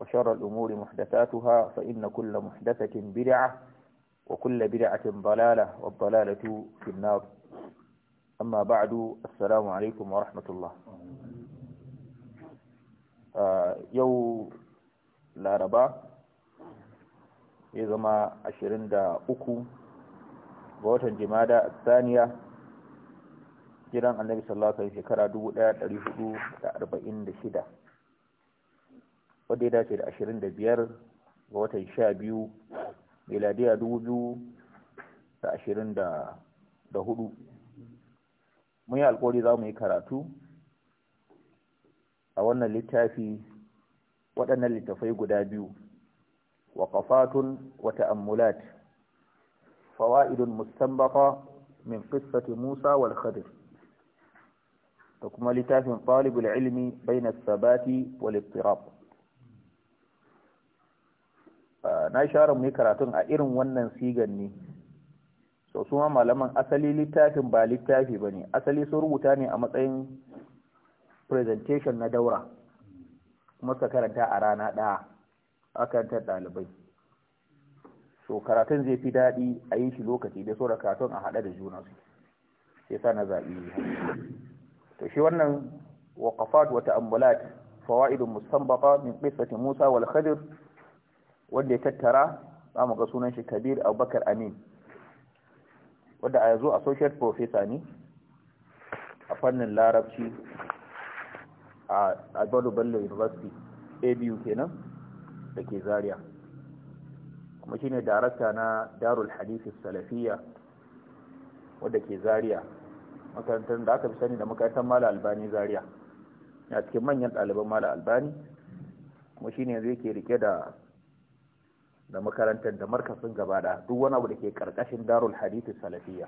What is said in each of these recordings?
وشر الأمور محدثاتها فإن كل محدثة بدعة وكل بدعة ضلالة والضلالة في النار أما بعد السلام عليكم ورحمة الله يو لا ربا يزما عشرين دا أكو بوتن جمادة الثانية jiran annabi sallallahu alaihi wasallam shekara 1446 wanda ya dace da da biyar ga watan 12 miladiya hudu. mun yi alkawari za mu yi karatu a wannan littafi waɗannan littafai guda biyu waƙafatun wata ammulat fawa'idun mustanbaqa min qissati Musa wal Khadir da kuma littafin talibul ilmi bayna as-sabati wal ittirab na share mu karatun a irin wannan sigan ne so su malaman asali littafin ba littafi ba ne asali sun rubuta ne a matsayin presentation na daura kuma suka karanta a rana ɗaya a karantar ɗalibai so karatun zai fi daɗi a yi shi lokaci da saura karatun a haɗa da juna su sai sa na zaɓi to shi wannan waqafat wa ambulat fawaidun mustanbata min qissati Musa wal Khadir wanda ya tattara za mu ga sunan shi kabir abubakar amin wanda a yanzu associate professor ne a fannin larabci a Bello Bello University ABU kenan da ke Zaria kuma shine darakta na Darul Hadith Salafiyya wadda ke Zaria makarantar da aka fi sani da makarantar Mala Albani Zaria ya cikin manyan ɗaliban Mala Albani kuma shine yanzu yake rike da da makarantar da markasin gaba da duk wani abu da ke karkashin darul hadithu salafiyya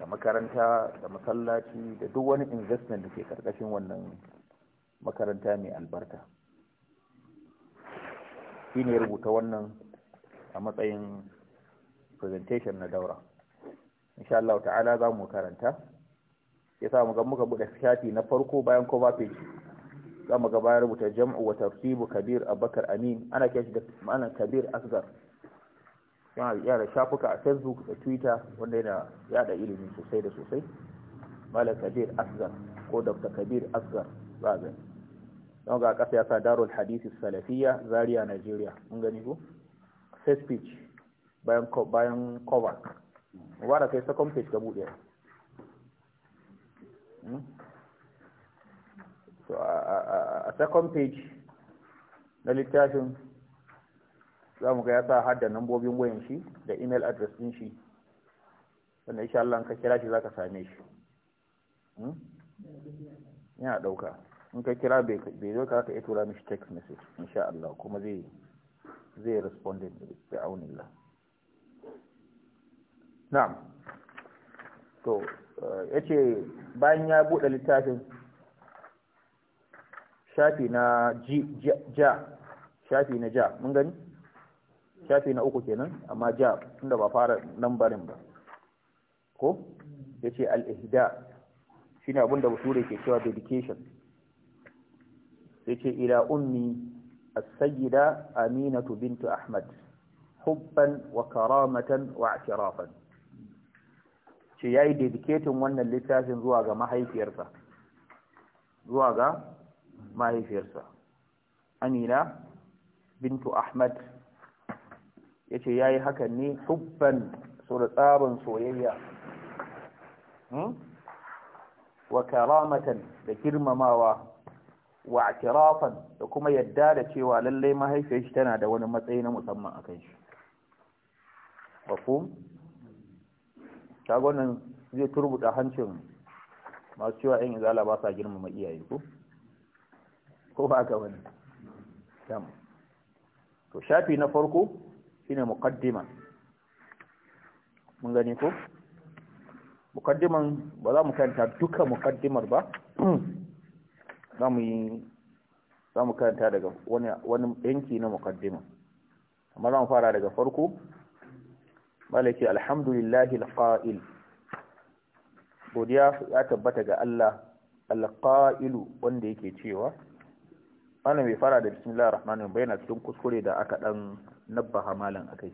da makaranta da masallaci da duk wani investment da ke karkashin wannan makaranta mai albarka shi ne rubuta wannan a matsayin presentation na daura insha Allah ta'ala za mu karanta ya sa mu ga muka buɗe shafi na farko bayan cover page kama gaba ya rubuta jam'u wa tartibu kabir abubakar amin ana kiyashi da ma'ana kabir asgar yana yada shafuka a facebook da twitter wanda yana yada ilimi sosai da sosai malam kabir asgar ko dr kabir asgar ba zai don ga kasa ya sa darul hadisi salafiya zaria nigeria mun gani ko sai speech bayan bayan cover wanda kai second page ga bude so a second page na littafin za mu ga ya sa har da nambobin wayan shi da email address din shi wanda insha Allah ka kira shi za ka same shi yana hmm? ɗauka in ka kira bai zo ka ka iya tura mishi text message insha Allah kuma zai zai responded da aunillah na'am to eh, yace bayan ya bude littafin shafi na ja shafi na ja mun gani shafi na uku kenan amma ja tunda ba fara lambarin ba ko yace al-ihda shine abinda bature ke cewa dedication yace ila ummi as-sayyida aminatu bint ahmad hubban wa karamatan wa i'tirafan ce yayi dedicating wannan littafin zuwa ga mahaifiyarsa zuwa ga mahaifiyarsa amina bintu ahmad ya ce ya yi hakan ne hubban so da tsarin soyayya hmm? wa karamatan da girmamawa wa akirafan da kuma yadda da cewa lallai mahaifiyar shi tana da wani matsayi na musamman a kan shi mafhum shagonan zai turbuta hancin masu cewa yan izala ba sa girmama iyaye ko ko ba ka wani tam to shafi na farko shine muqaddima mun gani ko muqaddiman ba za mu kanta duka muqaddimar ba za mu yi za mu kanta daga wani wani yanki na muqaddima amma za mu fara daga farko malaki alhamdulillahi alqa'il godiya ya tabbata ga Allah alqa'ilu wanda yake cewa malam bai fara da bismillahir rahmanir rahim yana cikin kuskure da aka dan nabbaha malam akai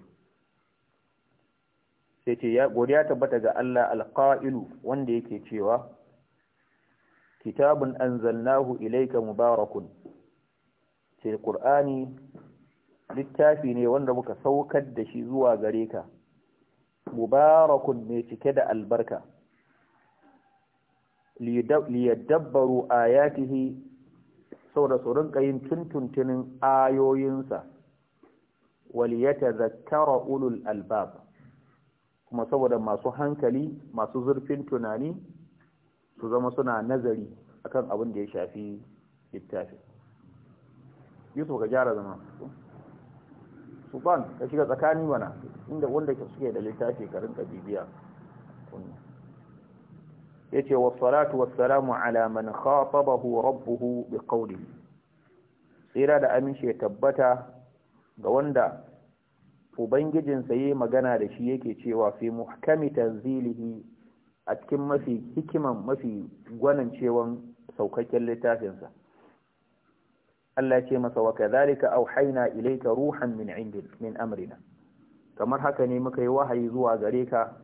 sai ce ya godiya tabbata ga Allah alqa'ilu wanda yake cewa kitabun anzalnahu ilayka mubarakun ce qur'ani littafi ne wanda muka saukar da shi zuwa gare ka mubarakun mai cike da albarka liyadabbaru ayatihi saboda su rinka yin tuntuntunin ayoyinsa waliyata zakara ulul albab kuma saboda masu hankali masu zurfin tunani su zama suna nazari akan abin da ya shafi littafi. yusuf ka gyara zama su ban ka shiga tsakani mana inda wanda suke da littafi ka rinka bibiya yace wa wassalatu wassalamu ala man khatabahu rabbuhu biqawlihi tsira da aminci ya tabbata ga wanda ubangijinsa yayi magana da shi yake cewa fi muhkami tanzilihi a cikin mafi hikiman mafi gwanin cewan saukakken littafinsa Allah ce masa wa kadhalika auhayna ilayka ruhan min indin min amrina kamar haka ne muka yi wahayi zuwa gare ka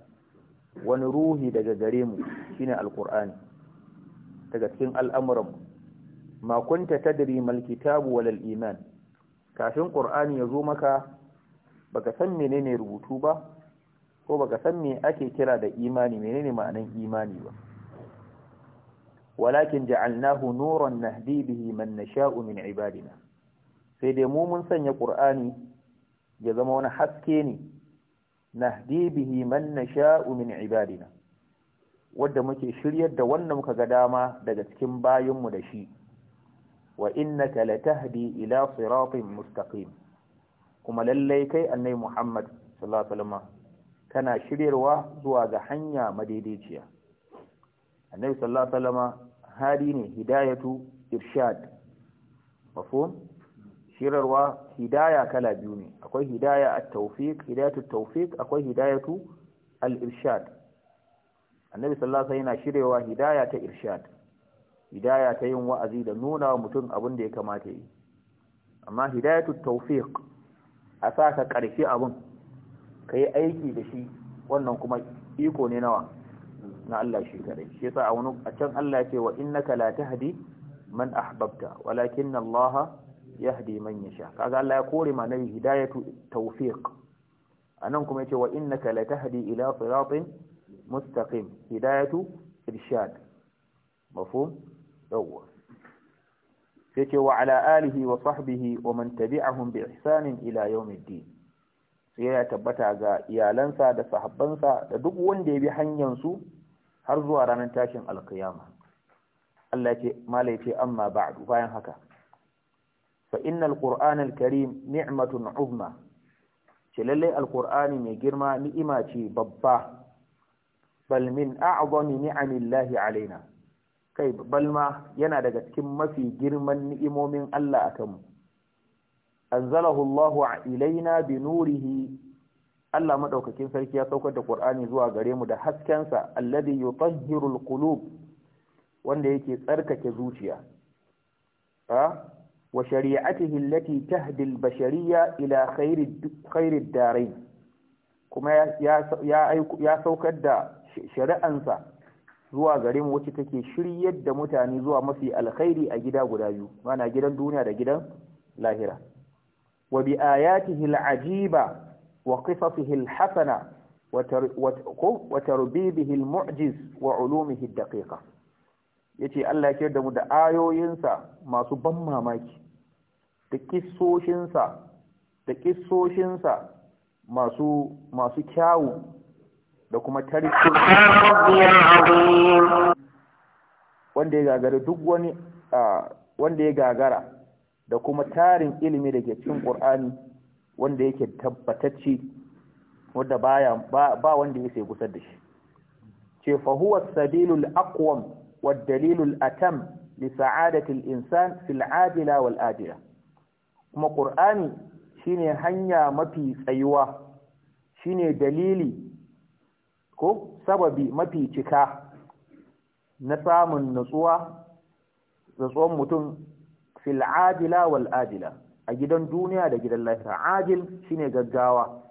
wani ruhi daga gare mu shine alqur'ani daga cikin al'amuran ma kunta tadri mal kitabu wal iman kafin qur'ani ya zo maka baka san menene rubutu ba ko baka san me ake kira da imani menene ma'anan imani ba walakin ja'alnahu nuran nahdi bihi man nasha'u min ibadina sai dai mu mun sanya qur'ani ya zama wani haske ne nahdi bihi man nasha'u min ibadina wanda muke shiryar da wannan muka ga dama daga cikin bayanmu da shi wa innaka latahdi ila siratin mustaqim kuma lallai kai annabi Muhammad sallallahu alaihi wasallam kana shiryarwa zuwa ga hanya madaidaiciya annabi sallallahu alaihi wasallam hadi ne hidayatu irshad mafhum shirarwa hidaya kala biyu ne akwai hidaya at-tawfiq hidayatu tawfiq akwai hidayatu al-irshad annabi sallallahu alaihi yana shirewa hidaya ta irshad hidaya ta yin wa'azi da nuna wa mutum abin da ya kamata yi amma hidayatu taufik a sa ka karfi abin yi aiki da shi wannan kuma iko ne nawa na Allah shi kadai shi yasa a wani a can Allah ya ce wa innaka la tahdi man ahbabta walakinna Allah yahdi man yasha kaga Allah ya kore ma nabi hidayatu tawfiq anan kuma yace wa innaka latahdi ila siratin mustaqim hidayatu irshad mafhum yawwa yace wa ala alihi wa sahbihi wa man tabi'ahum bi ihsan ila yawmiddin sai ya tabbata ga iyalansa da sahabbansa da duk wanda ya bi hanyar su har zuwa ranar tashin alkiyama Allah ya ce mala ya ce amma ba'du bayan haka fa innal qur'anal karim ni'matun uzma ce lalle alqur'ani mai girma ni'ima ce babba bal min a'zami ni'amillahi alaina kai ma yana daga cikin mafi girman ni'imomin Allah akan mu anzalahu Allahu ilaina bi nurihi Allah madaukakin sarki ya saukar da Qur'ani zuwa gare mu da haskensa alladhi yutahhiru alqulub wanda yake tsarkake zuciya ha wa shari'atihi allati tahdi al-bashariyya ila khairi ad kuma ya saukar da sa zuwa gare wace wacce take shiryar da mutane zuwa mafi alkhairi a gida guda biyu mana gidan duniya da gidan lahira wa bi ayatihi al-ajiba wa qisasihi al-hasana wa tarbibihi al-mu'jiz wa ulumihi ad-daqiqa yace Allah ya da mu da ayoyinsa masu ban mamaki da kissoshinsa da kissoshinsa masu masu kyawu da kuma wanda ya gagara duk wani wanda ya gagara da kuma tarin ilimi da ke cikin Qur'ani wanda yake tabbatacce wanda baya ba wanda ya sai gusar da shi ce fa huwa sabilul aqwam wad dalilul atam li sa'adati al insan fil adila wal adila kuma ƙur'ani shine hanya mafi tsayuwa shine dalili ko sababi mafi cika na samun natsuwa tsohon mutum fil ajila wal ajila a gidan duniya da gidan lafiya ajil shine gaggawa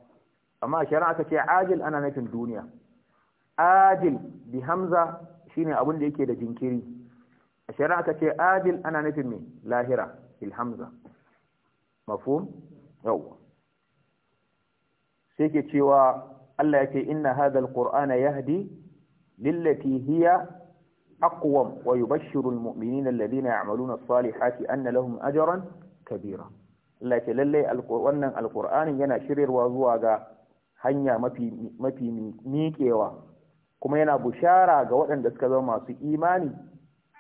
amma shari'a aka ce ajil ana nufin duniya ajil bi hamza shine abin da yake da jinkiri a shari'a aka ce ajil ana nufin mai lahira bil hamza mafhum yawa sai ke cewa Allah yake inna hadha alqur'ana yahdi lillati hiya aqwam wa yubashshiru almu'minina alladhina ya'maluna as-salihati anna lahum ajran kabira Allah yake lalle wannan alqur'anin yana shiryarwa zuwa ga hanya mafi mafi miƙewa kuma yana bushara ga waɗanda suka zama masu imani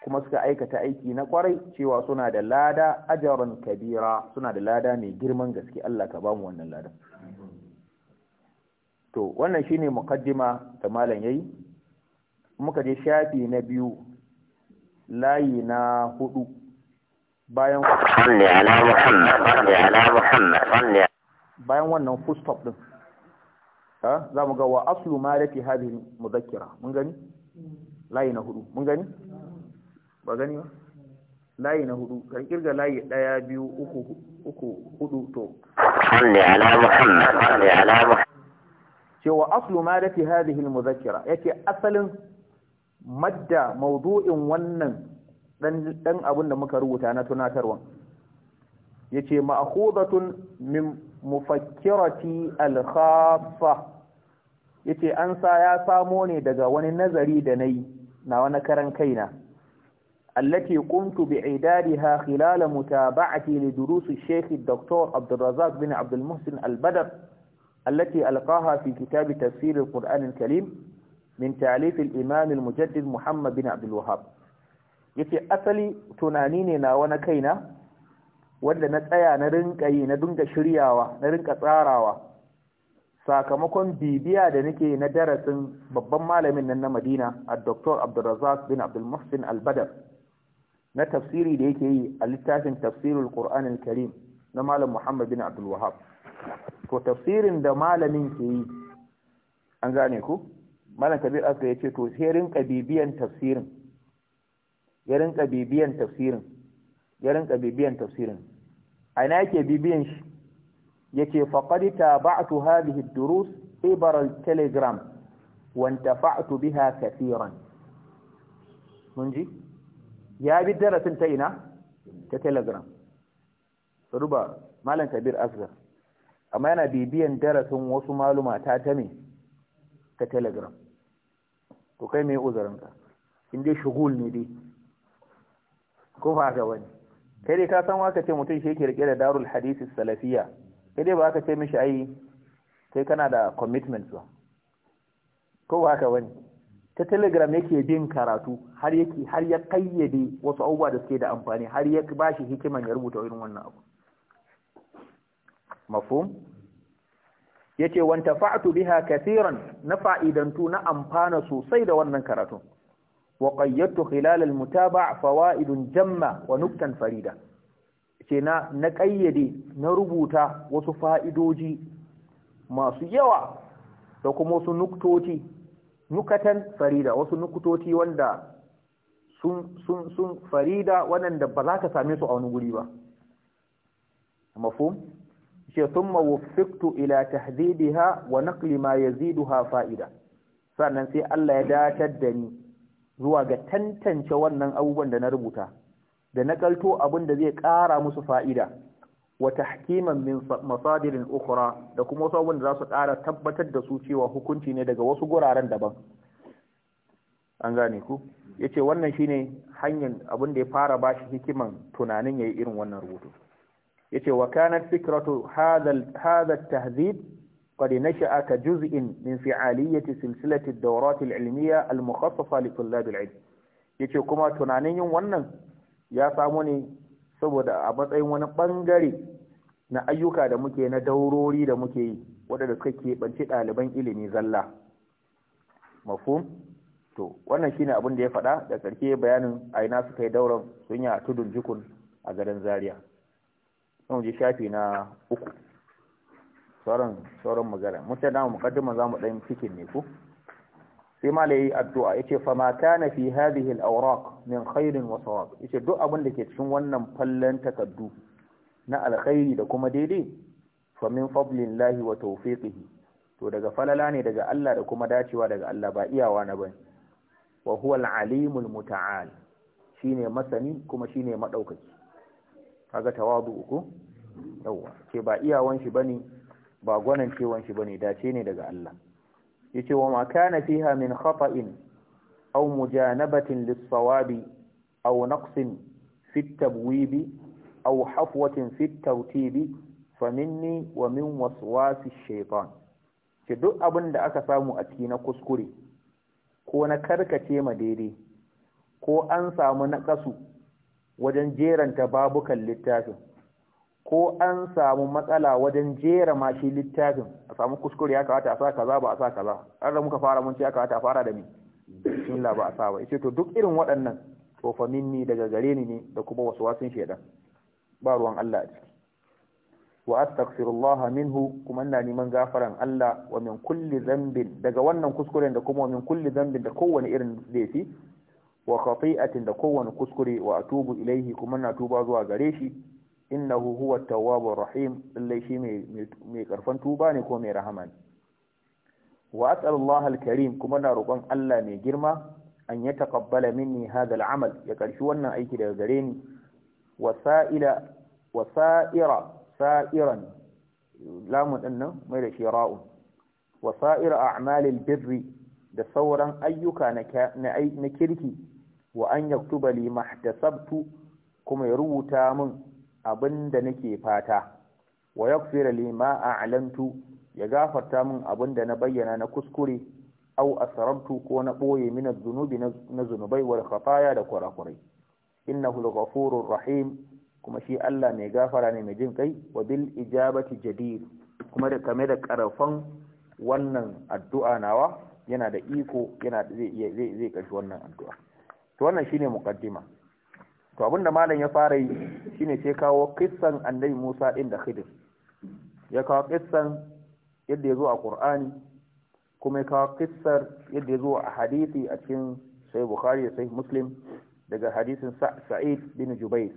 kuma suka aikata aiki na kwarai cewa suna da lada ajaran kabira suna da lada mai girman gaske Allah ka bamu wannan ladan to wannan shine muqaddima da malam yayi muka je shafi na biyu layi na hudu bayan salli ala muhammad salli ala muhammad salli bayan wannan full stop din ha zamu ga wa aslu ma lati hadhihi mudakkira mun gani mm. layi na hudu mun gani ba gani ba layi na hudu kan kirga layi daya biyu uku uku hudu to salli ala muhammad salli ala muhammad cewa aslu asalin madda mawdu'in wannan dan dan abin da muka rubuta na tunatarwa yace ma'khudatun min mufakkirati alkhaffa yace an sa ya samo ne daga wani nazari da nayi na wani karan kaina التي قمت بإعدادها خلال متابعتي لدروس الشيخ الدكتور عبد الرزاق بن عبد المحسن البدر التي ألقاها في كتاب تفسير القرآن الكريم من تعليف الإمام المجدد محمد بن عبد الوهاب يتي أثلي تنانيننا ونكينا wanda na tsaya na rinka yi na dinga shiryawa na rinka tsarawa sakamakon bibiya da nake na darasin babban malamin nan na Madina al na tafsiri da yake yi a littafin tafsirul Qur'an al-Karim na Malam Muhammad bin Abdul Wahhab to tafsirin da malamin ke yi an gane ku Malam Kabir aka yace to sai rinka bibiyan tafsirin ya rinka bibiyan tafsirin ya rinka bibiyan tafsirin A aina yake bibiyan shi yace faqad taba'tu hadhihi ad-durus ibar al-telegram wa intafa'tu biha katiran mun ji ya bi darasin ta ina ta telegram ruba malam kabir asgar amma yana bibiyan darasin wasu maluma ta ta me ta telegram to kai mai uzurinka in dai shugul ne dai ko ba ga wani kai dai ka san waka ce mutum shi yake da darul hadisi salafiya kai dai ba ka ce mishi ai kai kana da commitment ba ko ba ka wani ta telegram yake bin karatu har yake har ya kayyade wasu abubuwa da suke da amfani har ya ba shi hikiman ya rubuta irin wannan abu mafhum yace wanta fa'atu biha kathiran na fa'idantu na amfana sosai da wannan karatu wa qayyadtu khilal al mutaba' fawaidun jamma wa nuktan farida ce na na kayyade na rubuta wasu fa'idoji masu yawa da kuma wasu nuktoci nukatan farida wasu nukutoci wanda sun sun sun farida waɗanda ba za ka same su a wani guri ba mafhum shi thumma wuffiqtu ila tahdidiha wa naqli ma yaziduha fa'ida sannan sai Allah ya datar da ni zuwa ga tantance wannan abubuwan da na rubuta da na nakalto abin da zai ƙara musu fa'ida Wata tahkiman min masadirin da kuma wasu abin da za su ƙara tabbatar da su cewa hukunci ne daga wasu guraren daban an gane ku yace wannan shine hanyar abin da ya fara bashi hikiman tunanin yayi irin wannan rubutu yace wa kanat fikratu hadha hadha at-tahdhib min نشأ كجزء من dauratil سلسلة Al العلمية المخصصة لطلاب Ya yace kuma tunanin yin wannan ya samu ne saboda a matsayin wani bangare na ayyuka da muke na daurori da muke yi waɗanda suka keɓance ɗaliban ilimi zalla mafhum to wannan shine abin da ya faɗa da ƙarshe bayanin a ina suka yi dauran sun yi a tudun jikun a garin zaria sun ji shafi na uku sauran sauran magana mun ce da mu za mu ɗan cikin ne ku sai yi addu'a yace fa ma kana fi hadhihi al-awraq min khairin wa sawab yace duk abin da ke cikin wannan fallan takardu. na alkhairi da kuma daidai fa min fadlillahi wa tawfiqihi to daga falala ne daga Allah da kuma dacewa daga Allah ba iyawa na bane wa huwa alimul muta'al shine masani kuma shine madaukaki kaga tawadu uku yawa ce ba iyawan shi bane ba gwanan cewan shi bane dace ne daga Allah yace wa ma kana fiha min khata'in aw mujanabatin lis-sawabi aw naqsin fit tabwibi aw hafwatin fi tawtibi fa minni wa min waswasi ce duk abin da aka samu a ciki na kuskure ko na karkace ma daidai ko an samu naƙasu wajen jeranta babukan littafin ko an samu matsala wajen jera ma littafin a samu kuskure ya kawata a sa kaza ba a sa kaza an da muka fara mun ce ya kawata a fara da me bismillah ba a sa ba yace to duk irin waɗannan to fa minni daga gare ni ne da kuma wasu wasun shaidan? ba ruwan Allah a wa astaghfirullah minhu kuma ina neman gafaran Allah wa min kulli dhanbin daga wannan kuskuren da kuma min kulli dhanbin da kowane irin laifi wa khati'atin da kowane kuskure wa atubu ilaihi kuma na tuba zuwa gare shi innahu huwa at-tawwabur rahim lallai shi mai mai karfan tuba ne ko mai rahama ne wa as'alullah al-karim kuma na roƙon Allah mai girma an ya taqabbala minni hadha al-amal ya karshi wannan aiki daga gare ni wasa'ila wasa'ira sa'iran lamun din da wasa'ira a'malil birri da sauran ayyuka na kirki wa an yaktuba li mahtasabtu kuma ya rubuta min abinda nake fata wa yaghfira li ma a'lantu ya gafarta min da na bayyana na kuskure au asrartu ko na boye min az-zunubi na zunubai wal khataya da kurakurai Inna al-ghafurur rahim kuma shi Allah mai gafara ne mai jin kai wa bil ijabati jadir kuma da kame da wannan addu'a nawa yana da iko yana zai zai zai wannan addu'a to wannan shine muqaddima to abinda malam ya fara yi shine sai kawo kissan annabi Musa din da Khidir ya kawo kissan yadda ya zo a Qur'ani kuma ya kawo kissar yadda ya zo a hadisi a cikin sai Bukhari sai Muslim daga hadisin sa'id bin jubair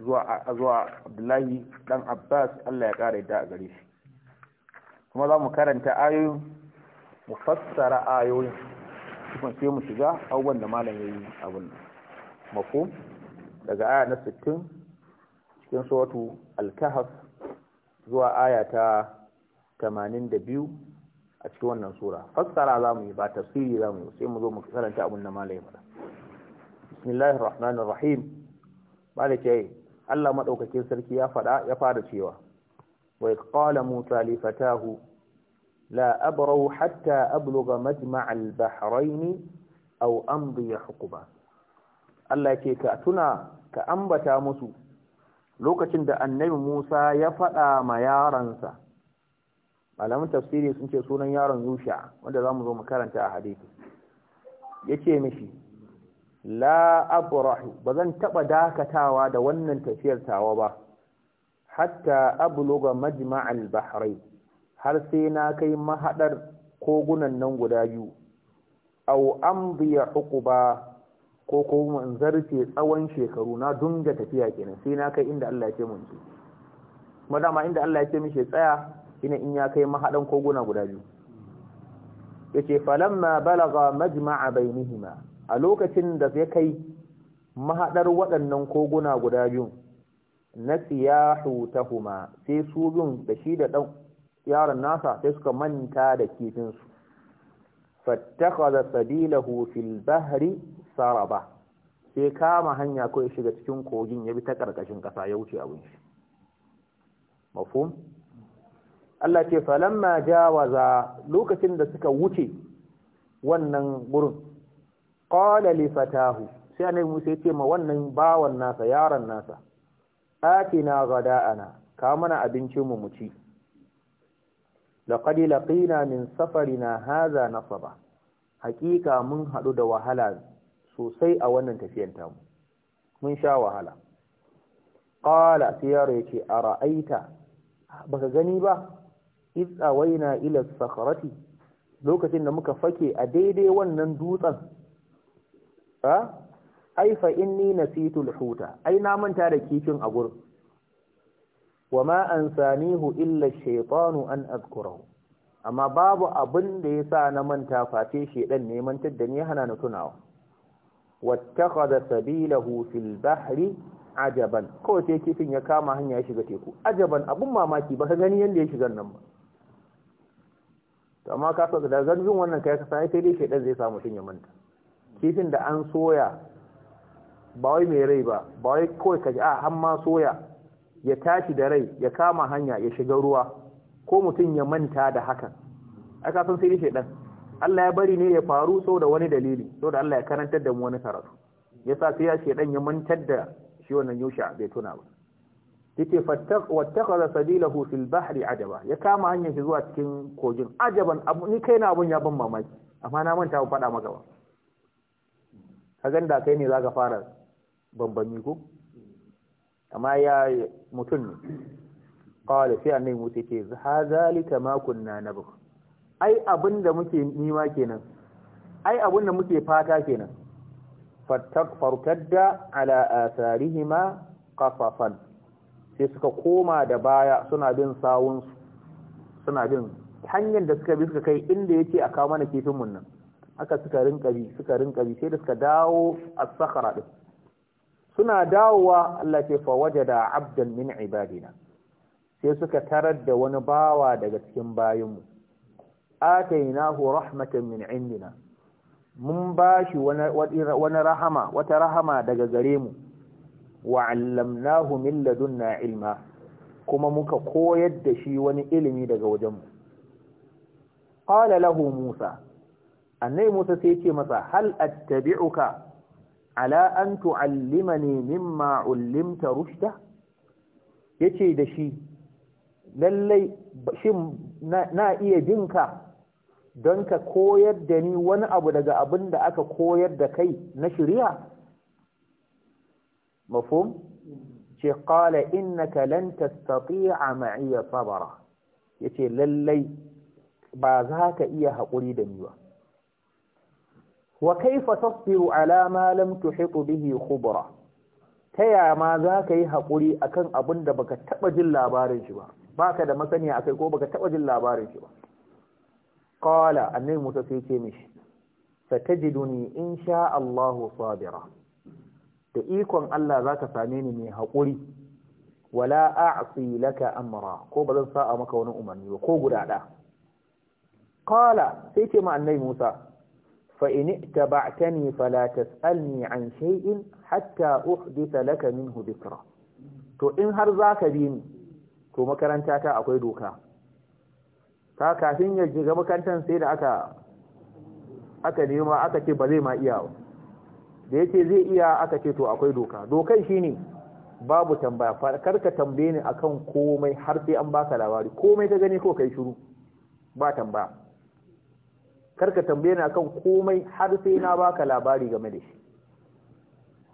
zuwa zuwa abdullahi dan abbas Allah ya ƙara yadda a gare shi kuma za mu karanta ayoyin mu fassara ayoyin kuma sai mu shiga abubuwan da malam yayi abun mako daga aya na 60 cikin suratu al-kahf zuwa aya ta 82 a cikin wannan sura fassara za mu yi ba tafsiri za mu yi sai mu zo mu karanta abun da malam ya faɗa bismillahir rahmanir rahim malike Allah madaukakin sarki ya fada ya fara cewa wa qala musa li fatahu la abrahu hatta ablugha majma' al-bahrayn aw amdi hukuba Allah yake ka tuna ka ambata musu lokacin da annabi Musa ya fada ma yaransa malamin tafsiri sun ce sunan yaron Yusha wanda zamu zo mu karanta a hadisi yake mishi la abrahu ba zan taɓa dakatawa da wannan tafiyar tawa ba hatta abluga majma'al bahrai har sai na kai mahaɗar kogunan nan guda biyu aw amdi hukuba ko kuma in zarce tsawon shekaru na dunga tafiya kenan sai na kai inda Allah ya ce mun ce Madama inda Allah ya ce mishi tsaya ina in ya kai mahadan koguna guda biyu yace falamma balaga majma'a bainihima a lokacin da ya kai mahaɗar waɗannan koguna guda biyu na siyahu huma sai su biyun da shi da ɗan yaron nasa sai suka manta da kifinsu fattakhadha sabilahu fil bahri saraba sai kama hanya ko ya shiga cikin kogin ya bi ta ƙarƙashin ƙasa ya wuce abin shi mafum Allah ce falamma jawaza lokacin da suka wuce wannan gurin qala li fatahu sai annabi Musa ya ce ma wannan bawan nasa yaron nasa atina ghada'ana ka mana abincin mu mu ci laqad laqina na haza na nasaba Haƙiƙa mun haɗu da wahala sosai a wannan tafiyan tamu mun sha wahala qala sai yaro yace ara'aita baka gani ba wai na ila sakarati? lokacin da muka fake a daidai wannan dutsen ha ai fa inni nasitu al-huta ai na manta da kifin a gurin wama ansanihu illa shaytanu an azkurahu amma babu abin da yasa na manta face shedan ne mantar da ni hana na tunawa wattakhadha sabilahu fil bahri ajaban ko sai kifin ya kama hanya ya shiga teku ajaban abun mamaki ba ka gani yanda ya shiga nan ba to amma ka da zargin wannan kai ka sai dai shedan zai samu shin ya manta kifin da an soya ba wai mai rai ba ba wai kawai kaji a an ma soya ya tashi da rai ya kama hanya ya shiga ruwa ko mutum ya manta da hakan aka san sai shi dan Allah ya bari ne ya faru da wani dalili da Allah ya karantar da mu wani karatu Ya sa sai ya ɗan ya mantar da shi wannan yusha bai tuna ba yake fattaq takhadha sabilahu fil bahri ajaba ya kama hanyar shi zuwa cikin kogin ajaban abu ni kaina abun ya ban mamaki amma na manta ba faɗa maka ba Ka gan da kai ne za ka fara bambami ko amma ya mutum ne kawai sai annabi mutu ce ha zalika makon na nabu ai abinda muke nima kenan ai abinda muke fata kenan da ala asarihima kafafan sai suka koma da baya suna bin sawunsu suna bin hanyar da suka bi suka kai inda yake a kawo mana kifinmu nan aka suka rinka bi suka rinka bi sai da suka dawo a sakhara din suna dawowa Allah ce fa wajada abdan min ibadina sai suka tarar da wani bawa daga cikin bayinmu atainahu rahmatan min indina mun bashi wani rahama wata rahama daga gare mu wa 'allamnahu min ladunna ilma kuma muka koyar da shi wani ilimi daga wajenmu qala lahu musa annai musa sai ce masa hal attabi'uka ala an tu'allimani mimma ullimta rushda yace da shi lallai shin na iya jinka don ka koyar da ni wani abu daga abin da aka koyar da kai na shari'a mafhum ce qala innaka lan tastati'a ma'iya sabara yace lallai ba za ka iya haƙuri da ni ba wa kaifa tasbiru ala ma lam bihi khubra ta yaya ma za ka yi haƙuri akan abin da baka taɓa jin labarin shi ba baka da masaniya akai ko baka taɓa jin labarin shi ba qala annabi Musa sai ce mishi satajiduni insha Allahu sabira da ikon Allah zaka same ni mai haƙuri wala a'si laka amra ko ba zan sa'a maka wani umarni ba ko guda da qala sai ce ma annabi Musa فإن اتبعتني فلا تسألني عن شيء حتى أحدث لك منه ذكرى to in har zaka bi ni to makaranta ta akwai doka ka kafin ya shiga makarantar sai da aka aka nema aka ce ba zai ma iya ba da yace zai iya aka ce to akwai doka dokan shine babu tambaya farkar ka tambaye ni akan komai har sai an baka labari komai ka gani ko kai shiru ba tambaya karka tambaye ni akan komai har sai na baka labari game da shi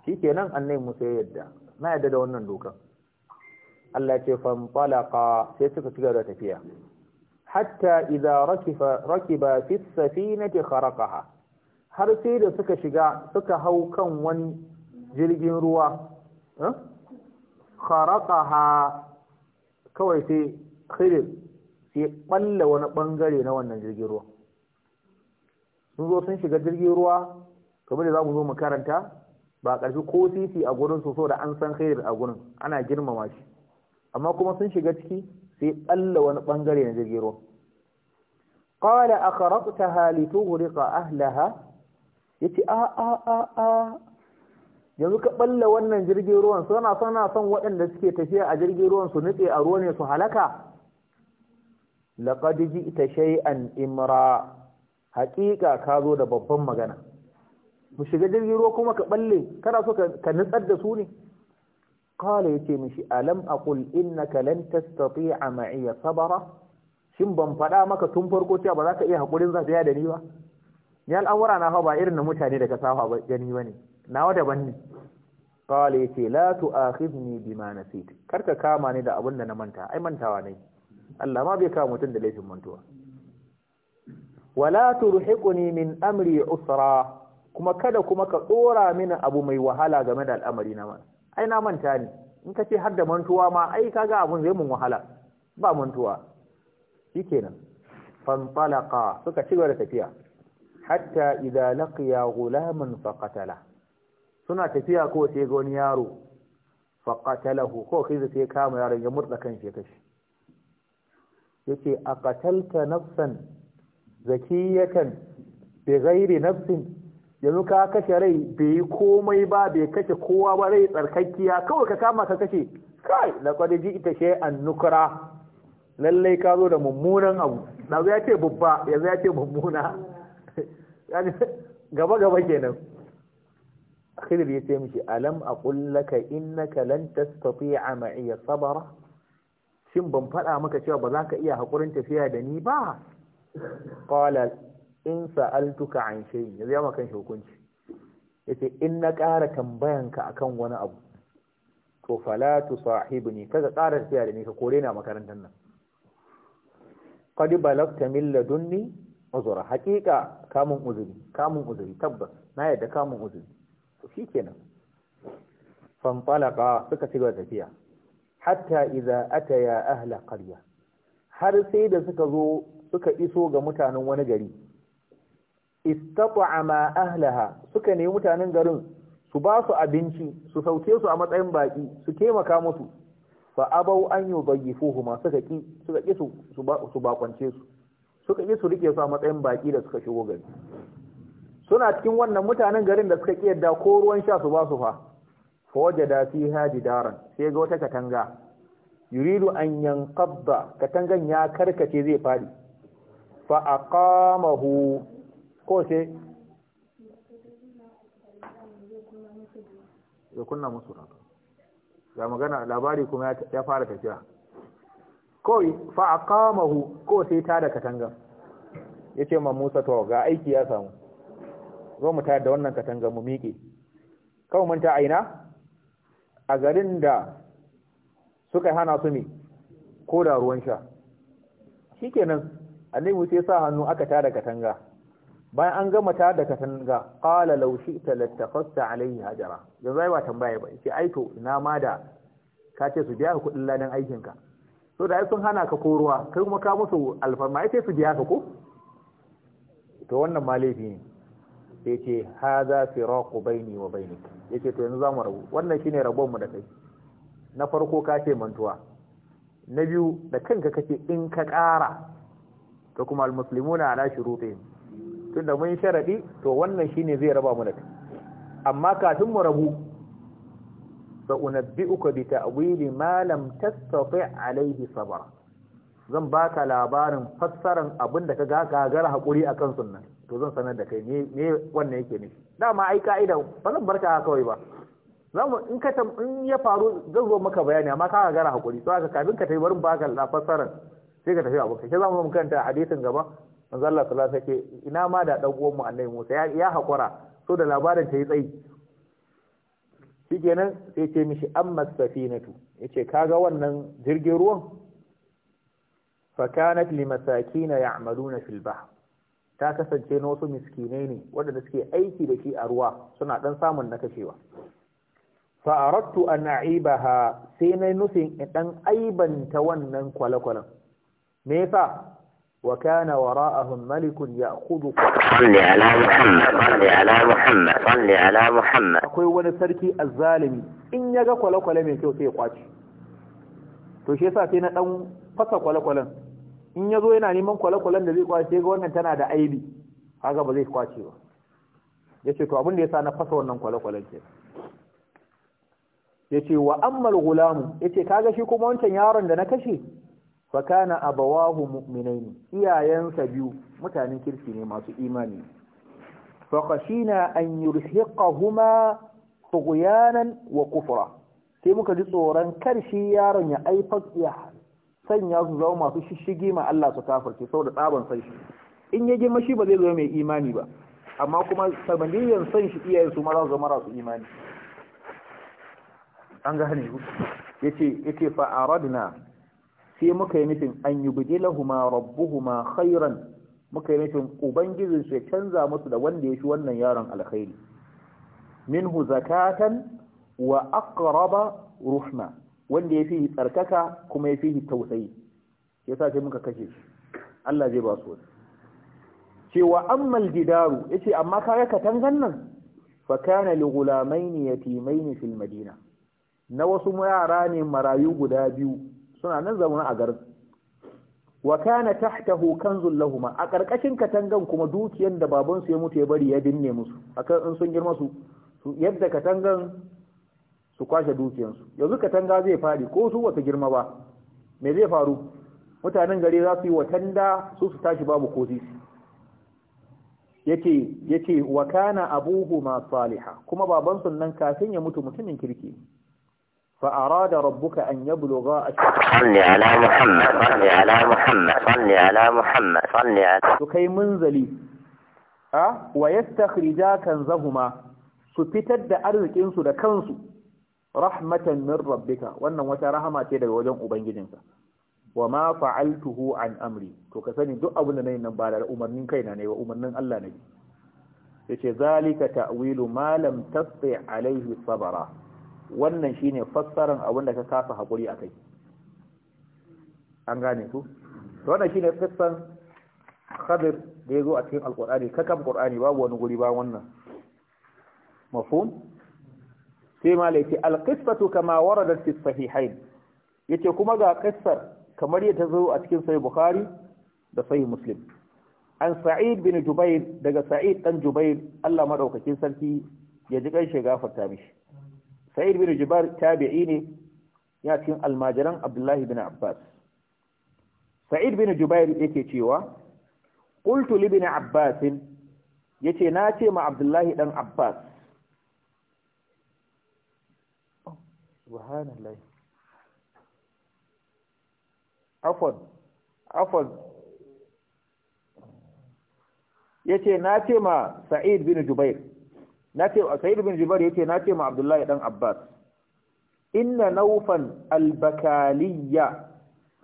shikenan annai musa ya yadda na yadda da wannan dokan Allah ce fanfalaka sai suka ci da tafiya hatta idza rakifa rakiba fi safinati kharaqaha har sai da suka shiga suka hau kan wani jirgin ruwa eh? kharaqaha kawai sai khidir sai balla wani bangare na wannan jirgin ruwa sun zo sun shiga jirgin ruwa kamar da za mu zo mu karanta ba ƙarfi ko titi a gurin su so da an san khair a gurin ana girmama shi amma kuma sun shiga ciki sai balla wani bangare na jirgin ruwa qala akhraqtaha tughriqa ahlaha yace a a a a yanzu ka balla wannan jirgin ruwan suna sana son waɗanda suke tafiya a jirgin ruwan su nutse a ruwa ne su halaka laqad ji'ta shay'an imra haƙiƙa ka zo da babban magana mu shiga jirgin ruwa kuma ka balle kana so ka nutsar da su ne qala yace mishi alam aqul innaka lan tastati'a ma'iya sabara shin ban faɗa maka tun farko cewa ba za ka iya hakurin zafiya da ni ba ni al'amura na ba irin na mutane daga safa ba gani bane nawa daban ne qala yace la tu'akhidni bima nasit karka kama ni da abin da na manta ai mantawa ne Allah ma bai kama mutum da laifin mantuwa wala turhiquni min amri usra kuma kada kuma ka tsora mini abu mai wahala game da al'amari na ma ai na manta ne in ka ce har da mantuwa ma ai kaga abun zai mun wahala ba mantuwa shikenan talaqa suka ci da tafiya hatta idza laqiya ghulaman faqatala suna tafiya ko sai ga wani yaro faqatalahu ko kai sai kama yaron ya murda kan shi kashi yace aqatalta nafsan zakiyatan bi ghairi nafsin yanzu ka kashe rai bai yi komai ba bai kashe kowa ba rai tsarkakkiya kawai ka kama ka kashe kai laqad ji'ta shay'an nukra lallai ka zo da mummunan abu na ya ce babba yanzu ya ce mummuna gaba gaba kenan khidir ya ce mishi alam aqul laka innaka lan tastati'a ma'iya sabara shin ban faɗa maka cewa ba za ka iya haƙurin tafiya da ni ba qala in sa'altuka an shay yanzu ya makan hukunci yace in na ƙara tambayanka akan wani abu to fala sahibni kaga ƙara tafiya da ni ka kore ni a makarantar nan qad balagta min ladunni uzra haqiqa kamun uzuri kamun uzuri tabbas na yadda kamun uzuri to shikenan fanfalaka suka ci gaba tafiya hatta idza ataya ahla qarya har sai da suka zo suka iso ga mutanen wani gari ma ahlaha suka nemi mutanen garin su ba su abinci su sauke su a matsayin baki su taimaka musu fa abau an yubayyifuhuma suka ki suka ki su su bakwance su suka ki su rike su a matsayin baki da suka shigo gari suna cikin wannan mutanen garin da suka ki yadda ko ruwan sha su ba su fa fa wajada fiha jidaran sai ga wata katanga yuridu an yanqadda katangan ya karkace zai fadi fa aqamahu ko ce ya kunna musu ya magana labari kuma ya fara tafiya kawai fa aqamahu ko sai ta da katanga yace ma Musa to ga aiki ya samu zo mu tayar da wannan katanga mu miƙe kawai mun ta aina a garin da suka hana su ne ko da ruwan sha shikenan annabi sai sa hannu aka tada katanga bayan an gama tada katanga qala law shi'ta lattakhasta alayhi hajara yanzu ai ba tambaye ba sai aito ina ma da ka ce su biya ka kudin ladan aikin ka so da sun hana ka koruwa kai kuma ka musu alfarma ai sai su biya ka ko to wannan ma laifi ne sai ce hadha firaqu baini wa bainik yace to yanzu zamu rabu wannan shine rabon mu da kai na farko ka ce mantuwa na biyu da kanka kace in ka ƙara ta kuma na ala tun tunda mun sharaɗi to wannan shine zai raba mu da amma kafin mu rabu sa unabbi'uka bi ta'wili ma lam tastati' alayhi sabara zan baka labarin fassaran da kaga gagara hakuri akan sunna to zan sanar da kai ne ne wannan yake ne dama ai ka'ida ba zan barka kawai ba zamu in ka in ya faru zan zo maka bayani amma ka gagara hakuri to haka kafin ka tayi barin baka labarin fassaran sai ka tafi abu kai za mu kanta hadisin gaba manzo Allah sallallahu alaihi wasallam ina ma da dan uwan mu annabi Musa ya ya hakura so da labarin ta yi tsayi shikenan sai ce mishi amma safinatu yace kaga wannan jirgin ruwan fa kanat li masakina ya'maluna fil bahr ta kasance na wasu miskinai ne waɗanda suke aiki da shi a ruwa suna ɗan samun na kashewa fa aradtu an a'ibaha sai na nufin dan aibanta wannan kwale-kwalen me yasa wa kana wara'ahum malikun ya'khudhu salli ala muhammad salli ala muhammad salli ala muhammad akwai wani sarki azzalimi in yaga kwalakwale mai kyau sai ya kwaci to shi yasa sai na dan fasa kwalakwalen in yazo yana neman kwalakwalen da zai sai ga wannan tana da aibi kaga ba zai kwaci ba yace to abin da yasa na fasa wannan kwalakwalen ke yace wa ammal gulam yace kaga shi kuma wancan yaron da na kashe fa kana abawahu mu'minaini iyayensa biyu mutanen kirki ne masu imani na khashina an yurhiqahuma tughyanan wa kufra sai muka ji tsoron karshi yaron ya aifar ya sanya su zama masu shishigi ma Allah su kafirce saboda tsaban sai shi in ya girma shi ba zai zama mai imani ba amma kuma sabaniyan san shi iyayen su mara zama mara imani an ga hannu yace yace fa aradna sai muka yi nufin an yi buje lahuma rabbuhuma khairan muka yi nufin ubangijin su ya canza musu da wanda ya shi wannan yaron alkhairi minhu zakatan wa aqraba ruhma wanda ya fi tsarkaka kuma ya fi tausayi sa sai muka kashe shi Allah zai ba su wasu. cewa ammal gidaru yace amma kaga katangan nan fa kana li gulamaini yatimaini fil madina na wasu yara ne marayu guda biyu suna nan zaune a garin wa kana tahtahu kanzul lahum a karkashin katangan kuma dukiyar da baban su ya mutu ya bari ya binne musu akan in sun girma su yadda katangan su kwashe dukiyar su yanzu katanga zai fadi ko su wata girma ba me zai faru mutanen gari za su yi watanda su su tashi babu kozi yake yake wa kana abuhu ma kuma baban sun nan kafin ya mutu mutumin kirki fa arada rabbuka an yablugha صل على محمد صل على محمد صل على محمد صل على su kai munzali a wa yastakhrija kanzahuma su fitar da arzikinsu da kansu rahmatan min rabbika wannan wata rahama ce daga wajen ubangijinka wa ma fa'altuhu an amri to ka sani duk abin da nayi nan ba da umarnin kaina ne wa umarnin Allah ne yace zalika ta'wilu ma lam tasti alaihi sabara wannan shine fassaran abin da ka kasa hakuri akai an gane ku to wannan shine kissan khadir da yazo a cikin alqur'ani kakan qur'ani babu wani guri ba wannan mafhum sai ma laifi kama waradat fi sahihain yace kuma ga kissar kamar yadda zo a cikin sahih bukhari da sahih muslim an sa'id bin jubair daga sa'id dan jubair Allah madaukakin sarki ya ji kai shiga farta mishi sa'id bin jubair tabi'i ne ya cikin almajiran abdullahi bin abbas sa'id bin jubair yake cewa qultu li Abbasin ya ce, na ce ma abdullahi ɗan abbas oh, subhanallah afon. Ya ce, na ce ma sa'id bin jubair na ce sa'id bin jubair ce, na ce ma abdullahi ɗan abbas inna naufan albakaliya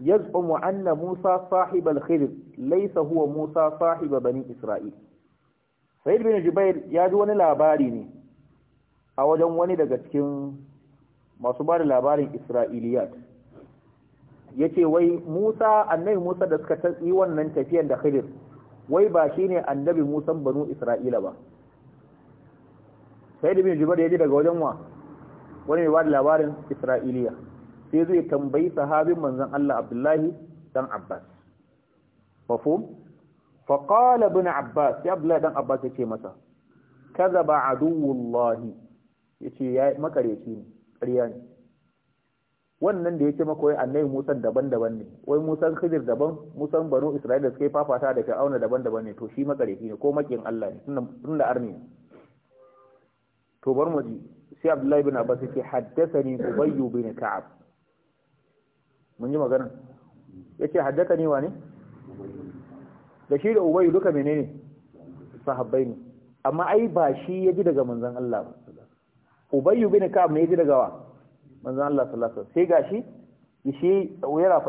yaz'umu anna Musa sahib al-khidr laysa huwa Musa sahib bani Isra'il Sa'id bin Jubair ya ji wani labari ne a wajen wani daga cikin masu ba da labarin Isra'iliyat yace wai Musa annabi Musa da suka tsayi wannan tafiyar da Khidr wai ba shine annabi Musa banu Isra'ila ba Sa'id bin Jubair ya ji daga wajen wa wani ba da labarin Isra'iliya sai zai tambayi sahabin manzon Allah Abdullahi dan Abbas mafhum fa qala ibn Abbas ya Abdullahi dan Abbas ce masa kadhaba aduwullahi yace ya makareci ne ƙarya ne wannan da yake maka wai annabi Musa daban-daban ne wai Musa Khidir daban Musa Banu Isra'ila suka yi fafata da Fir'auna daban-daban ne to shi makareci ne ko makin Allah ne da arni to bar mu ji sai Abdullahi bin Abbas ya ce Haddasa haddathani Ubay bin Ka'ab mun yi magana ce haddaka ne wani da shi da ubayu duka menene sahabbai ne amma ai ba shi ya ji daga manzan Allah ba ubayu bin ka'ab ne ya ji daga wa manzan Allah sallallahu alaihi sai gashi shi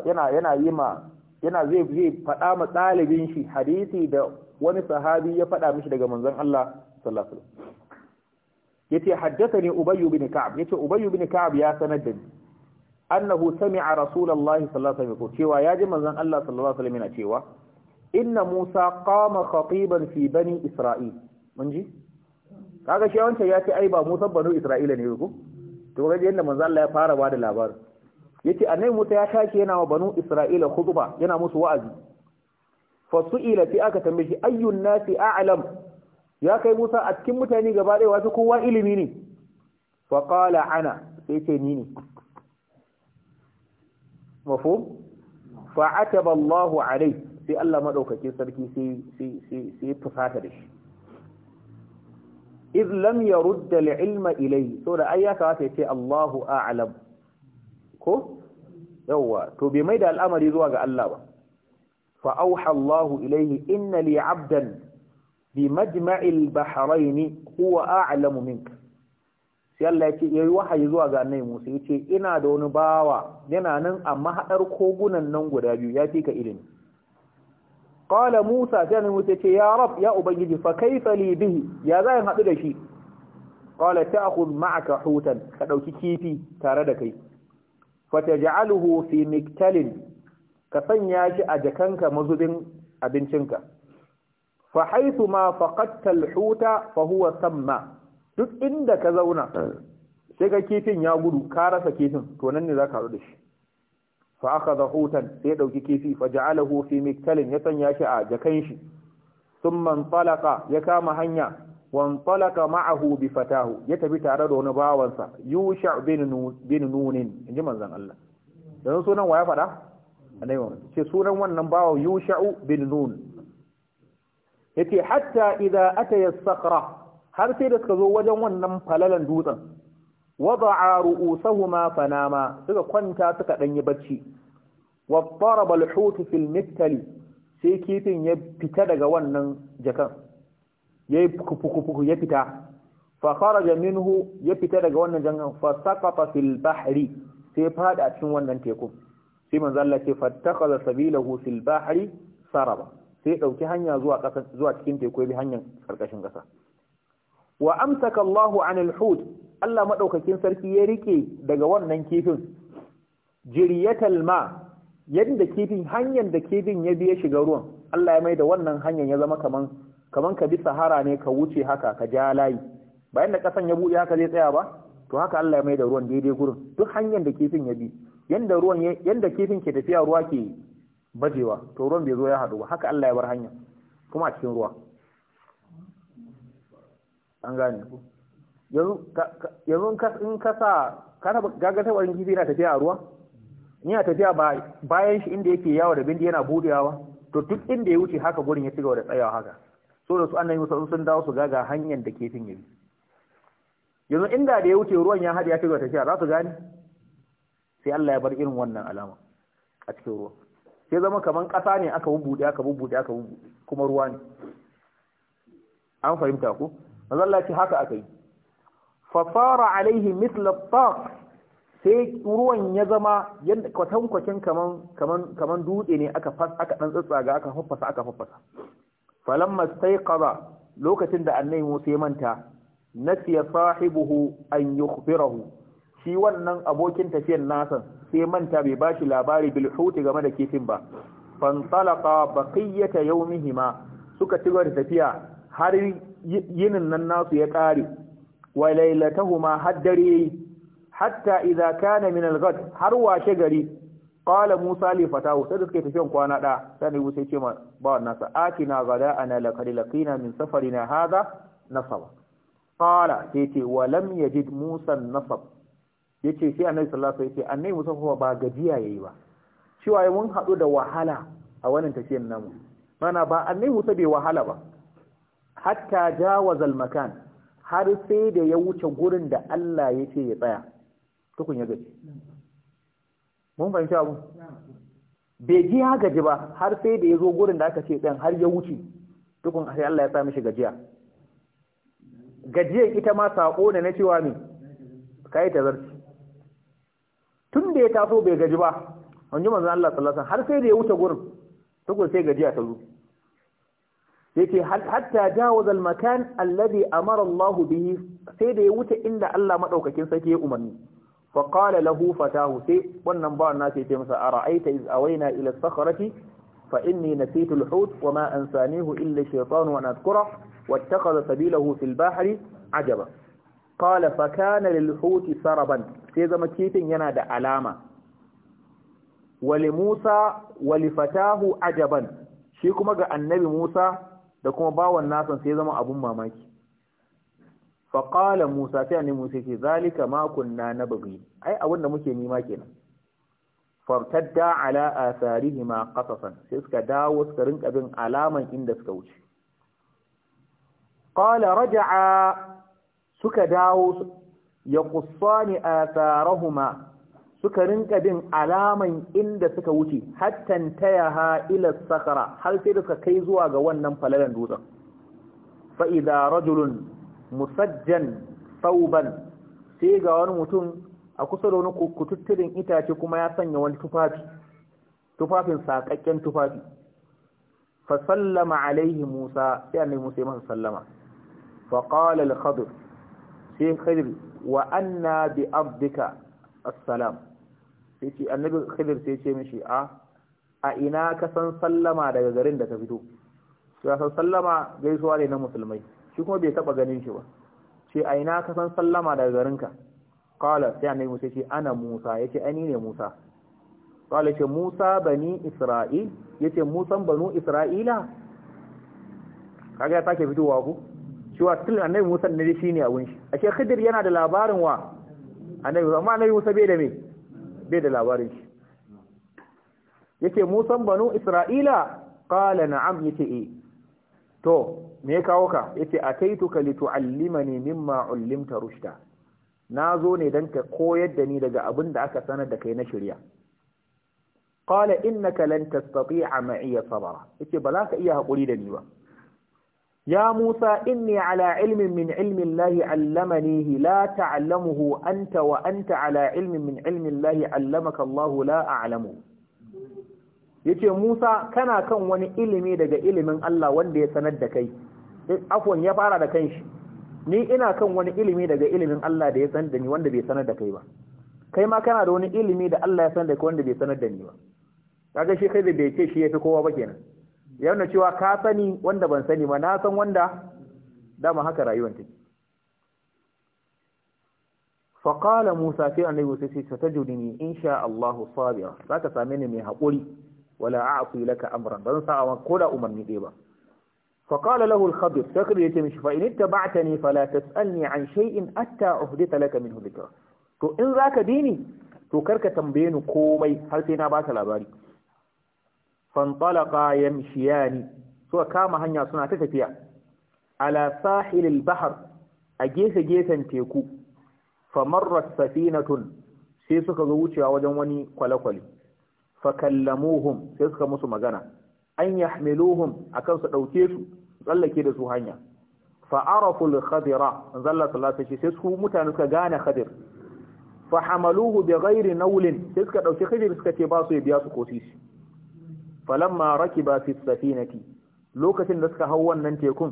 yana yana yi ma yana zai zai faɗa ma ɗalibin shi hadisi da wani sahabi ya faɗa mishi daga manzan Allah sallallahu alaihi wasallam ne ubayu ubayy ibn ka'ab ka'ab ya sanar da ni annahu sami'a rasulullahi sallallahu alaihi wasallam cewa yaji manzon Allah sallallahu alaihi wasallam cewa inna Musa qama khatiban fi bani Isra'il mun ji kaga shi wancan ya ce ai ba Musa banu Isra'ila ne ko to kaga yanda manzon Allah ya fara bada labarin yace annai Musa ya tashi yana wa banu Isra'ila khutba yana musu wa'azi fa su'ila fi aka tambaye shi ayyun nasi a'lam ya kai Musa a cikin mutane gaba ɗaya wasu kowa ilimi ne fa qala ana sai ce ni ne mafhum fa ataba Allahu alai sai Allah madaukakin sarki sai sai sai fusata da shi iz lam yurd al-ilma ilai saboda ai ya kawo sai ce Allahu a'lam ko yawa to bai maida da al'amari zuwa ga Allah ba fa auha Allahu ilayhi inna li 'abdan bi majma'il bahrayn huwa a'lamu minka sai Allah ya ce yayi wahayi zuwa ga annabi Musa ce ina da wani bawa yana nan amma hadar kogunan nan guda biyu ya fi ka ilimi qala Musa sai annabi Musa yace ya rab ya ubangiji fa kaifa li bihi ya za in hadu da shi qala ta'khudh ma'aka hutan ka dauki kifi tare da kai Fa taj'aluhu fi miktalin ka sanya shi a jakanka mazubin abincinka fa haythu ma faqadta al-huta fa huwa thamma duk inda ka zauna eh. sai ga kifin ya gudu ka rasa kifin to nan ne za ka haɗu da shi fa akhadha hutan sai ɗauki kifi fa ja'alahu fi miktalin ya sanya shi a jakan shi thumma talaqa ya kama hanya wa talaqa ma'ahu bi fatahu ya tafi tare da wani bawansa yusha bin bin nunin inji manzon Allah dan sunan wa ya fada annabi ce sunan wannan bawo yusha bin nun yace hatta idza ataya as-saqra har sai da suka zo wajen wannan falalan dutsen wada'a ru'usahuma fanama suka kwanta suka danyi barci. bacci wa daraba al-hut sai kifin ya fita daga wannan jakan yayi kufukufu ya fita fa kharaja minhu ya fita daga wannan jakan fa saqata al bahri sai fada cikin wannan teku sai manzo Allah ce fattakhadha sabilahu al bahri saraba sai dauki hanya zuwa zuwa cikin teku bi hanyar karkashin ƙasa. wa amsaka Allahu anil hud Allah madaukakin sarki ya rike daga wannan kifin jiriyatal ma yadda kifin hanyar da kifin ya biya shiga ruwan Allah ya maida wannan hanyar ya zama kaman kaman ka bi sahara ne ka wuce haka ka ja layi bayan da kasan ya buɗe haka zai tsaya ba to haka Allah ya maida ruwan daidai gurin duk hanyar da kifin ya bi yanda ruwan yanda kifin ke tafiya ruwa ke bajewa to ruwan bai zo ya haɗu ba haka Allah ya bar hanya kuma a cikin ruwa an gane ku yanzu in ka sa ka taba gagata warin kifi yana tafiya a ruwa ni a tafiya bayan shi inda yake yawo da bindi yana budewa to duk inda ya wuce haka gurin ya cigaba da tsayawa haka so da su annabi musa sun dawo su gaga hanyar da kifin bi? yanzu inda da ya wuce ruwan ya hada ya cigaba da tafiya za su gane sai Allah ya bar irin wannan alama a cikin ruwa sai zama kaman ƙasa ne aka bubbude aka bubbude aka bubbude kuma ruwa ne an fahimta ku manzo Allah ce haka akai fa sara alaihi mithla taq sai ruwan ya zama yanda kwatankwacin kaman kaman kaman dutse ne aka fas aka dan tsatsaga aka hoffasa aka hoffasa falamma staiqaza lokacin da annabi Musa ya manta nasiya sahibuhu an yukhbirahu shi wannan abokin tafiyar nasa sai manta bai bashi labari bil huti game da kifin ba fantalaqa baqiyata yawmihima suka ci da tafiya har yinin nan nasu ya ƙare wa ma haddare yi. hatta idza kana min al-ghad har washe gari qala musa li fatahu sai suke tafiyan kwana da sai ne sai ce ma ba wannan sa atina gada ana laqad laqina min safarina hadha nasaba qala sai ce wa lam yajid musa nasab yace sai annabi sallallahu alaihi wasallam yace annabi musa ba gajiya yayi ba cewa mun hadu da wahala a wannan tafiyar namu mana ba annabi musa bai wahala ba hatta jawaza makan har sai da ya wuce gurin da Allah ya ce ya tsaya tukun ya gaji mun fahimci abu bai ji ya gaji ba har sai da ya zo gurin da aka ce tsayan har ya wuce tukun sai Allah ya sa mishi gajiya gajiyar ita ma sako ne na cewa ne kai ta zarci tun da ya taso bai gaji ba an ji Allah sallallahu alaihi har sai da ya wuce gurin tukun sai gajiya ta zo yake hatta jawazal al-makan alladhi amara Allah bihi sai da ya wuce inda Allah madaukakin sake umarni fa qala lahu fatahu sai wannan ba na sai masa ara'aita iz awayna ila as-sakhrati fa inni nasitu al-hut wa ma ansanihu illa shaytanu an adhkura wattakhadha sabilahu fil bahri ajaba qala fa kana lil-hut saraban sai zama kifin yana da alama wa li Musa wa li fatahu ajaban shi kuma ga annabi Musa da kuma bawan nasan sai zama abun mamaki faƙala musa sai ne musa ce zalika makon na na babu ai a wanda muke nima kenan fartadda ala asarihi ma kasasan sai suka dawo suka rinka bin alaman inda suka wuce ƙala raja'a suka dawo ya kusa ne suka rinka bin alaman inda suka wuce hattan tayaha ila sakara har sai da suka kai zuwa ga wannan falalan dutsen fa idza rajulun musajjan sauban sai ga wani mutum a kusa da wani kututturin itace kuma ya sanya wani tufafi tufafin sakakken tufafi fa sallama alaihi musa sai ne musa ya sallama fa qala al-khadir sai khadir wa anna bi abdika assalam sai ce annabi khidir sai ce mishi a a ina ka san sallama daga garin da ka fito ya san sallama gaisuwa ne na musulmai shi kuma bai taba ganin shi ba ce a ina ka san sallama daga garin ka qala sai annabi musa ce ana musa yace ani ne musa qala ce musa bani isra'il yace musan banu isra'ila kaga ya take fitowa ku cewa tun annabi musa ne shine abun shi ashe khidir yana da labarin wa annabi amma annabi musa bai da me bai da labarin shi yace musan banu isra'ila qala na'am yake eh to me ya kawo ka yace ataituka litu'allimani mimma 'allimta rushda nazo ne dan ka koyar da ni daga abin da aka sanar da kai na shari'a ƙala innaka lan tastati'a ma'iya sabra yace ba za ka iya haƙuri da ni ba ya Musa inni ala ilmin min ilmi Allah allamanihi la ta'lamuhu anta wa anta ala ilmin min ilmin lahi allamaka Allah la a'lamu yace Musa kana kan wani ilimi daga ilimin Allah wanda ya sanar da kai eh, afwan ya fara da kanshi ni ina kan wani ilimi daga ilimin Allah da ya sanar da ni wanda bai sanar da kai ba kai ma kana da wani ilimi da Allah ya sanar da kai wanda bai sanar da ni ba kaga shi kai da bai ce shi yafi kowa ba kenan ya nuna cewa ka sani wanda ban sani ba na san wanda dama haka rayuwar take faƙala musa sai annabi sai sai ta insha Allah sabira zaka same ni mai haƙuri wala a'si laka amran ban sa awan koda umarni dai ba faƙala lahu al-khabir sakir yace ne fa in ittaba'tani fala tas'alni an shay'in atta uhdita laka minhu dhikra to in zaka dini to karka tambaye ni komai har sai na baka labari fantalaka yamshiyani suka kama hanya suna ta tafiya ala sahilil bahr a gefe gefen teku famarrat safinatun sai suka zo wucewa wajen wani kwale-kwale fakallamuhum sai suka musu magana an yahmiluhum akan su dauke su tsallake da su hanya fa'araful khadira zalla sallallahu alaihi sai su mutane suka gane khadir fahamaluhu bi ghairi nawlin sai suka dauke khadir suka ce ba su ya biya su kosisi falamma rakiba fi safinati lokacin da suka hau wannan tekun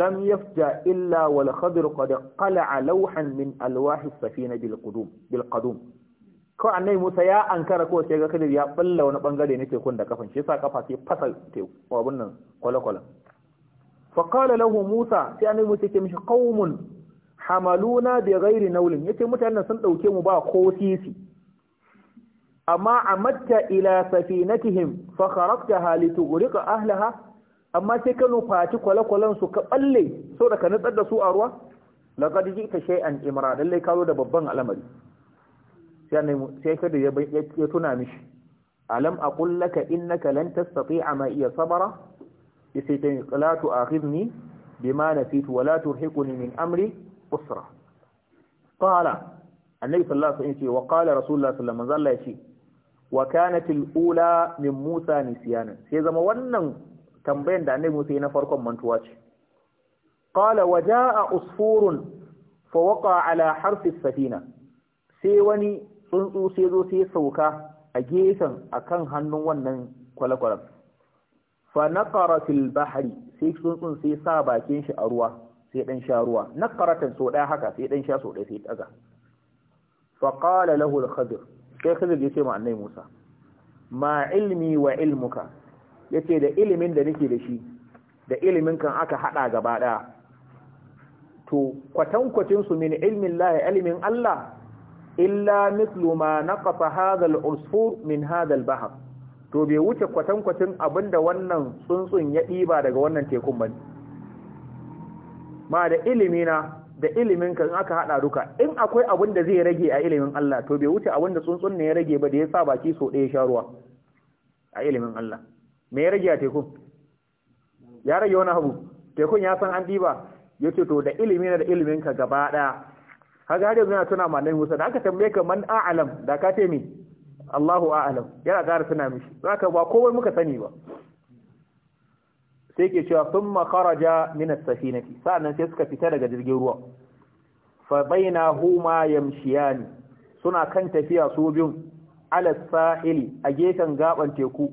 lam yafja illa wal khadir qad qala'a lawhan min alwahi safina bil qudum bil qadum ko Musa ya ankara ko sai ga kadir ya balla wani bangare na tekun da kafan shi yasa kafa sai fasa teku abun nan kwalakwala fa qala lahu Musa sai annabi Musa ke mishi qaumun hamaluna bi ghairi nawlin yace mutanen sun dauke mu ba ko sisi amma amatta ila safinatihim fa kharaqtaha litughriqa ahliha amma sai ka nufaci kwale su ka balle so da ka nutsar da su a ruwa laqad ji'ta shay'an imra lalle ka da babban al'amari sai ka da ya tuna mishi alam aqul laka innaka lan tastati'a ma iya sabara yace ta qalatu akhidni bima nasitu wa la turhiquni min amri usra qala annabi sallallahu alaihi wasallam wa qala rasulullah sallallahu alaihi wasallam wa ula min Musa nisyana sai zama wannan tambayan da annabi Musa na farkon mantuwa ce qala wa jaa usfurun fa waqa ala harfi safina sai wani tsuntsu sai zo sai sauka a gefen akan hannun wannan kwalakwalan fa naqara fil bahri sai tsuntsun sai sa bakin shi a ruwa sai dan sha ruwa naqaratan so daya haka sai dan sha so daya sai daga fa qala lahu al-khadir kai Khidir ya ce ma Annabi Musa ma ilmi wa ilmuka yace da ilimin da nake da shi da ilimin kan aka hada gaba daya to kwatankwacin su min ilmin lahi ilimin Allah illa mithlu ma naqata hadha al-usfur min hadha al-bahr to bai wuce kwatankwacin abinda wannan tsuntsun ya diba daga wannan tekun bane ma da ilimi na. da iliminka in aka hada duka in akwai abin da zai rage a ilimin Allah to bai wuce abin da tsuntsun ne ya rage ba da ya sa baki so ɗaya sha ruwa a ilimin Allah me ya rage a tekun ya rage wani abu tekun ya san an diba ce to da ilimi da ilimin ka gaba daya kaga har yanzu yana tuna malamin Musa da aka tambaye ka man a'lam da ka ce me Allahu a'lam yana ƙara suna mishi zaka ba komai muka sani ba sai ke cewa sun makaraja minas na safinati nan sai suka fita daga jirgin ruwa fa baina huma ne suna kan tafiya su biyun ala sahili a gefen gaban teku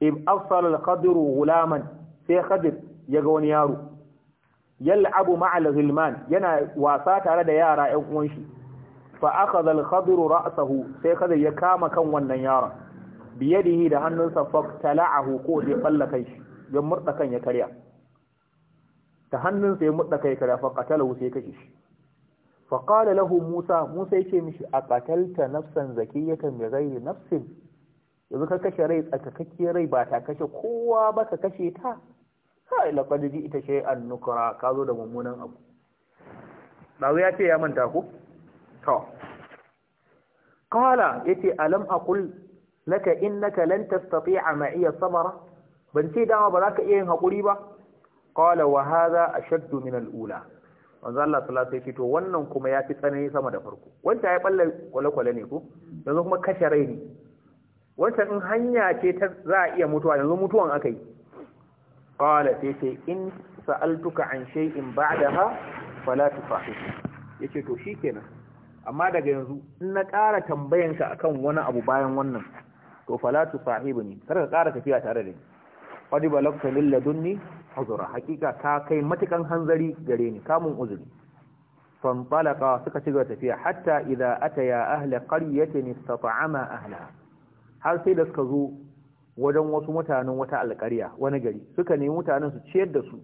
in afsal al gulaman sai khadir ga wani yaro yal'abu abu ma'al ghilman yana wasa tare da yara ƴan uwan shi fa akhadha al ra'sahu sai khadir ya kama kan wannan yaron biyadihi da hannunsa fa tala'ahu ko ya fallaka shi ya murda kan ya karya ta hannunsa ya murda kai karya fa qatalahu sai kashe shi fa qala lahu Musa Musa yace mishi a qatalta nafsan zakiyatan bi ghairi nafsin yanzu ka kashe rai tsakakakke rai ba ta kashe kowa ba ka kashe ta sai laqad ita an nukra ka zo da mummunan abu dawo ya ce ya manta ko to qala yace alam aqul laka innaka lan tastati'a iya sabara ban ce dama ba za ka iya yin haƙuri ba qala wa hadha ashaddu min al-ula Allah sallallahu alaihi wasallam wannan kuma ya fi tsanani sama da farko wanda ya balla kwale-kwale ne ko yanzu kuma kashe rai ne wancan in hanya ce ta za a iya mutuwa yanzu mutuwan akai qala sai sai in sa'altuka an shay'in ba'daha fala Ya yace to shikenan amma daga yanzu in na ƙara tambayanka akan wani abu bayan wannan to fala ne? kar ka ƙara tafiya tare da ni qad balagta min ladunni uzra hakika ka kai matukan hanzari gare ni kamun uzuri fanfalaka suka ci gaba tafiya hatta idza ataya ahli qaryatin istata'ama ahla har sai da suka zo wajen wasu mutanen wata alƙarya wani gari suka nemi mutanen su ciyar da su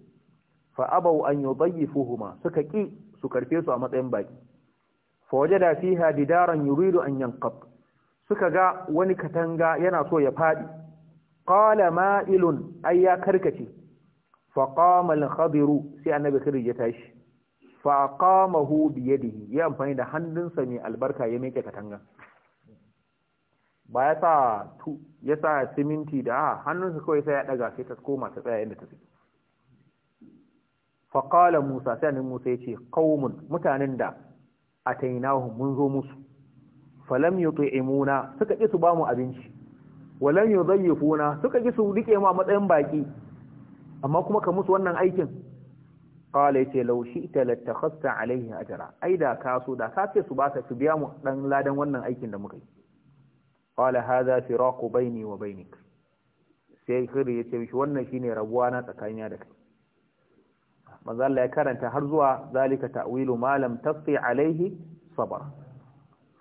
fa abau an yudayifuhuma suka ki su karfe su a matsayin baki fa wajada fiha bidaran yuridu an yanqab suka ga wani katanga yana so ya fadi qala ma'ilun ay ya karkace fa qama al-khadiru sai annabi khidir ya tashi fa qamahu bi yadihi ya amfani da hannunsa mai albarka ya meke katanga ba ya sa tu ya sa siminti da hannunsa kawai sai ya daga sai ta koma ta tsaya inda ta tsaya fa qala musa sai annabi musa yace qaumun mutanen da atainahu mun zo musu falam yuti'imuna suka ƙi su bamu abinci walan yudayyifuna suka ji su rike mu a matsayin baki amma kuma ka musu wannan aikin qala yace law shi'ta latakhasta alaihi ajra ai da ka so da ka ce su ba ka su biya mu dan ladan wannan aikin da muka yi qala hadha firaqu baini wa bainik sai khiri yace mishi wannan shine rabuwa na tsakanina da kai manzo Allah ya karanta har zuwa zalika ta'wilu ma lam tasti alaihi sabr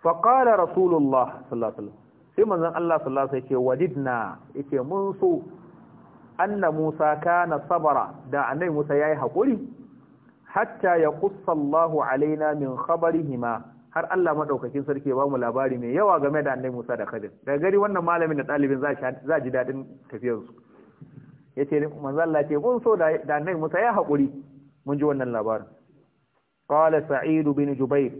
fa qala rasulullah sallallahu alaihi wasallam sai manzon Allah sallallahu alaihi wasallam yake wadidna yake mun so anna Musa kana sabara da annabi Musa yayi hakuri hatta yaqussa Allahu alaina min khabarihima har Allah madaukakin sarki ba mu labari mai yawa game da annabi Musa da Khadir daga gari wannan malamin da dalibin za ji dadin tafiyar su yace manzon Allah ce mun so da annabi Musa ya hakuri mun ji wannan labarin qala sa'id bin jubair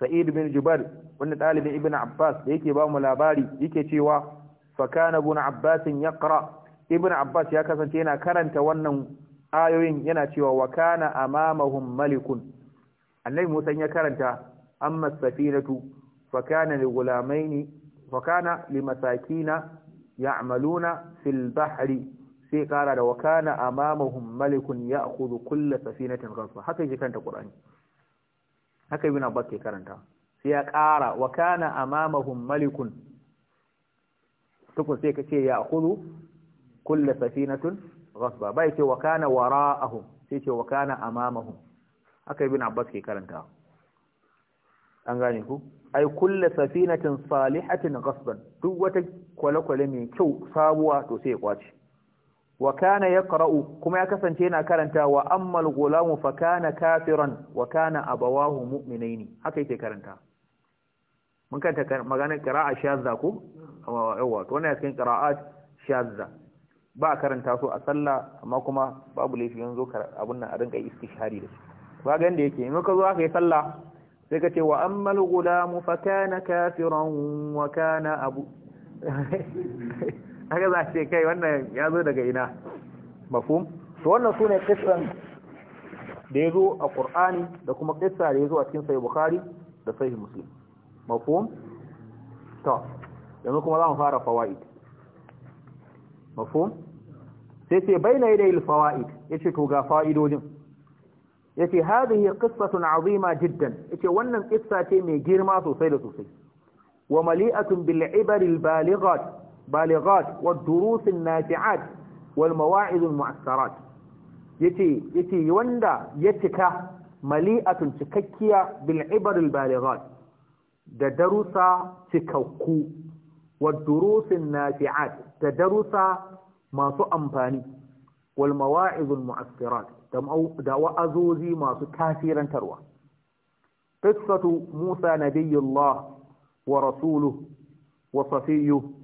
sa'id bin jubair wanda ɗalibin ibn abbas da yake ba mu labari yake cewa fakana kana ibn abbas yaqra ibn abbas ya kasance yana karanta wannan ayoyin yana cewa wa kana amamahum malikun annabi musa ya karanta amma safinatu fakana kana li gulamaini fa li masakina ya'maluna fil bahri sai kara da Wakana kana amamahum malikun ya'khudhu kull safinatin ghasba haka yake karanta qur'ani haka ibn abbas ke karanta sai ya ƙara wa kana amamahum malikun tukun sai ka ce ya kudu kulle safinatun rasba bai ce wa kana wara'ahum sai ce wa kana amamahum haka bin abbas ke karanta an gane ku ai kulle safinatun salihatin ghasban duk wata kwale-kwale mai kyau sabuwa to sai ya kwace wa kana yaqra'u kuma ya kasance yana karanta wa ammal gulamu fa kana kafiran wa kana abawahu mu'minaini haka yake karanta mun kanta maganar qira'a shazza ko yawa to wannan cikin qira'at shazza ba karanta su a sallah amma kuma babu laifi yanzu abun nan a rinka istishhari da shi ba ga yanda yake in ka zo aka yi sallah sai ka ce wa ammal gulamu fa kana kafiran wa kana abu haka za ce kai wannan ya zo daga ina mafhum to wannan sune kisan da ya zo a Qur'ani da kuma kisa da ya zo a cikin Sahih Bukhari da Sahih Muslim mafhum to yanzu kuma za mu fara fawaid mafhum sai ce baina yadayil fawaid yace to ga fa'idodin yace hadhihi qissatun azima jiddan yace wannan qissa ce mai girma sosai da sosai wa mali'atun bil ibar al balighat balighat wad durus an nafi'at wal mawa'iz al mu'assarat yace yace wanda ya cika mali'atun cikakkiya bil ibar al balighat da darussa cikakku wa durusin nafi'at da darussa masu amfani wal mawa'izul mu'assirat da wa'azozi masu tasirantarwa qissatu Musa nabiyullah wa rasuluhu wa safiyu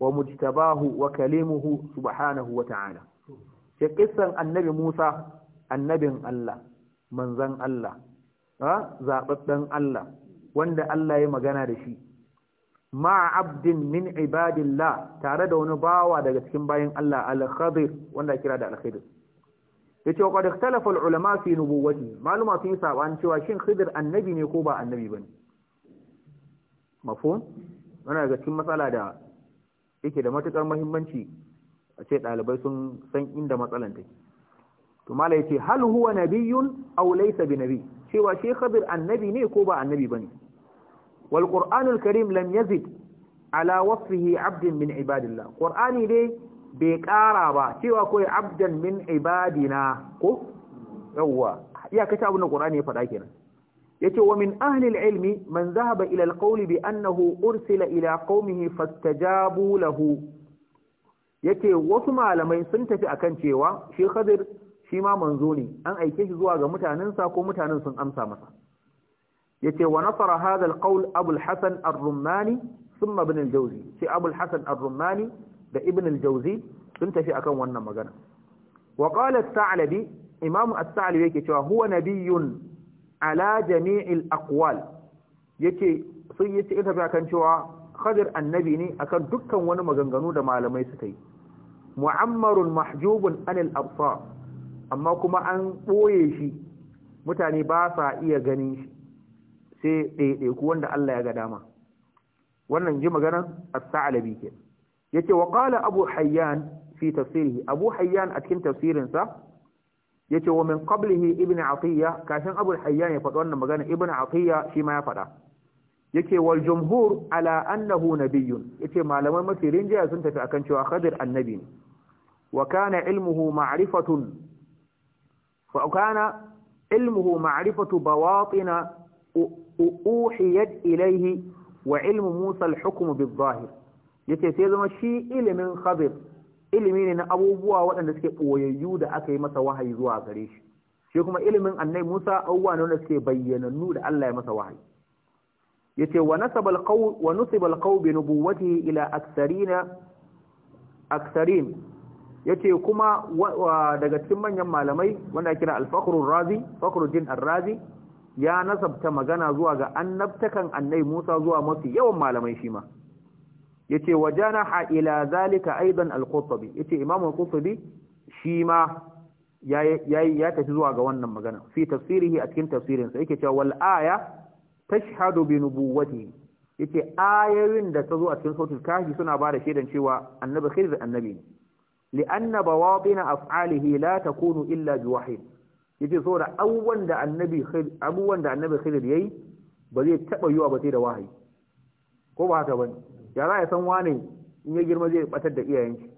wa mujtabahu wa kalimuhu subhanahu wa ta'ala ce annabi Musa annabin Allah manzan Allah zababben Allah wanda Allah ya magana da shi ma'a abdin min ibadillah tare da wani bawa daga cikin bayan Allah al-khadir wanda kira da al-khadir yace wa qad ikhtalafa al-ulama fi nubuwwati maluma sun an cewa shin Khadir annabi ne ko ba annabi bane mafhum wannan daga cikin matsala da yake da matukar muhimmanci a ce dalibai sun san inda matsalan take to mala yace hal huwa nabiyyun aw laysa bi cewa shi khadir annabi ne ko ba annabi bane Walƙur'anulkarim qur'anul karim lam yazid ala abdin min ibadillah qur'ani dai bai ƙara ba cewa kawai abdan min ibadina ko yawwa iyakacin abin da qur'ani ya faɗa kenan yace wa min ahlil ilmi man zahaba ilal alqawl bi annahu ursila ila qaumihi fastajabu lahu yace wasu malamai sun tafi akan cewa shi khadir shi ma manzo ne an aike shi zuwa ga mutanansa ko mutanen sun amsa masa yace wa nasara hadha alqawl abu alhasan ar-rummani thumma ibn al-jawzi sai abu alhasan ar-rummani da ibn al-jawzi sun tafi akan wannan magana wa qala as-sa'labi imam as-sa'labi yake cewa huwa nabiyyun ala jami'il aqwal yace sun yace ita akan cewa khadir annabi ne akan dukkan wani maganganu da malamai suka yi mu'ammarun mahjubun anil absar amma kuma an boye shi mutane ba sa iya ganin shi sai ɗaiɗaiku wanda Allah ya ga dama wannan ji maganan as-sa'labi ke yace wa qala abu hayyan fi tafsirihi abu hayyan a cikin tafsirinsa yace wa min qablihi ibn atiya kashin abu hayyan ya faɗi wannan magana ibn atiya shi ma ya faɗa yace wal jumhur ala annahu nabiyyun yace malaman mafi rinjaya sun tafi akan cewa khadir annabi ne wa kana ilmuhu ma'rifatun fa kana ilmuhu ma'rifatu bawatina uhiyat ilaihi wa ilmu Musa al-hukm bil-zahir yace sai zama shi ilimin khabir ilimi ne na abubuwa waɗanda suke boyayyu da aka yi masa wahayi zuwa gare shi shi kuma ilimin annabi Musa abubuwa ne wanda suke bayyanannu da Allah ya masa wahayi yace wa nasaba al-qawl wa nusiba al-qawl bi nubuwwatihi ila aktharina aktharin yace kuma daga cikin manyan malamai wanda kira al-fakhrur razi ar-razi ya nasabta magana zuwa ga annabtakan annai Musa zuwa mafi yawan malamai shi ma yace wajana ila zalika aidan al-Qurtubi yace Imam al-Qurtubi shi ma ya tafi zuwa ga wannan magana fi tafsirihi a cikin tafsirin sa yake cewa wal aya tashhadu bi nubuwwatihi yace ayoyin da ta zo a cikin sautul kafi suna ba da shaidan cewa annabi khair annabi ne li'anna bawatina af'alihi la takunu illa bi wahid yace saboda abubuwan da annabi khair abubuwan da annabi khair yayi ba zai taba yiwa ba sai da wahayi ko ba haka bane ya za ya san wane in ya girma zai batar da iyayen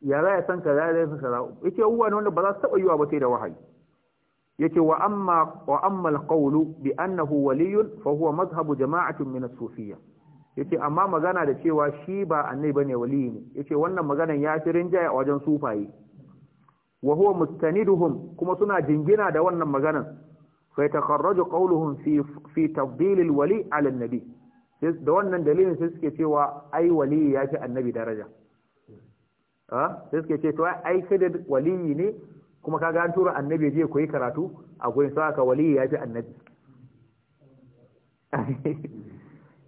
ya za ya san kaza ya san kaza yace uwa ne wanda ba za su taba yiwa ba sai da wahayi yace wa amma wa amma alqawlu bi annahu waliy fa huwa madhhab jama'atin min as sufiyya yace amma magana da cewa shi ba annabi bane waliyi ne yace wannan maganan ya fi rinjaya a wajen sufaye wa huwa mustaniduhum kuma suna jingina da wannan maganan fa yatakharraju qawluhum fi fi tafdil alwali ala annabi da wannan dalilin sai suke cewa ai wali ya fi annabi daraja ha sai suke ce to ai sai da wali ne kuma kaga an tura annabi je koyi karatu a gurin ka wali ya fi annabi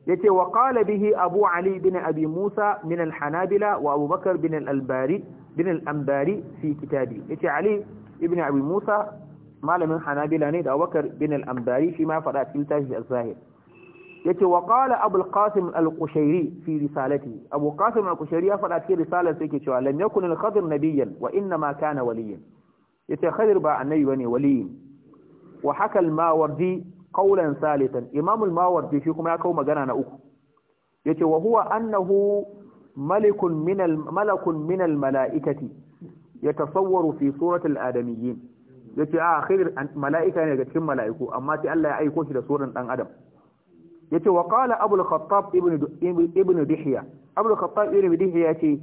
yace wa qala bihi abu ali bin abi musa min al-hanabila wa abubakar bin al-albari bin al-ambari fi kitabi yace ali ibn abi musa malamin hanabila ne da abubakar bin al-ambari shi ma fada cikin tashi az-zahir yace wa qala abu al-qasim al-qushairi fi risalati abu qasim al-qushairi ya fada cikin risalar sai yake cewa lam yakun al-khadir nabiyyan wa inna ma kana waliyan yace khadir ba annabi bane waliyi wa haka al-mawardi qawlan salisan imam al-mawardi shi kuma ya kawo magana na uku yace wa huwa annahu minal malakun minal mala'ikati yatasawwaru fi suratil adamiyyin yace a ah, akhir mala'ika ne daga cikin mala'iku amma sai Allah ya aiko shi da suran dan adam yace wa qala abul khattab ibn ibn khattab ibn yace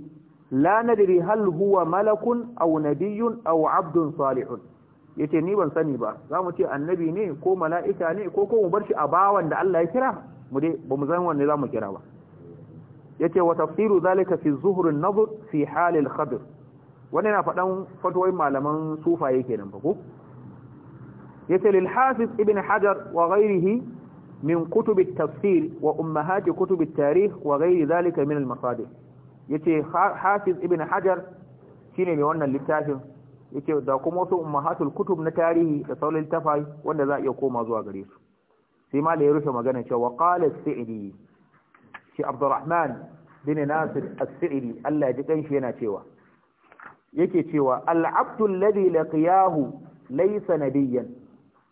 la nadri hal huwa malakun aw nabiyyun aw abdun salihun yace ni ban sani ba zamu ce annabi ne ko mala'ika ne ko ko mu bar shi a bawan da Allah ya kira mu dai bamu san wanne mu kira ba yace wa tafsiru zalika fi zuhur an-nadhr fi halil al-khadr wannan yana fadan fatwoyin malaman sufaye kenan fa ko yace lil hafiz ibn hajar wa ghayrihi min kutub at-tafsir wa ummahat kutub at-tarikh wa ghayri zalika min al-masadir yace hafiz ibn hajar shine mai wannan littafin yace da kuma wasu ummahatul kutub na tarihi da saulil tafai wanda za a iya koma zuwa gare su sai ma ya rufe magana cewa qala as-sa'idi shi Abdurrahman bin Nasir As-Sa'idi Allah ya ji kanshi yana cewa yake cewa al-abdu alladhi laqiyahu laysa nabiyyan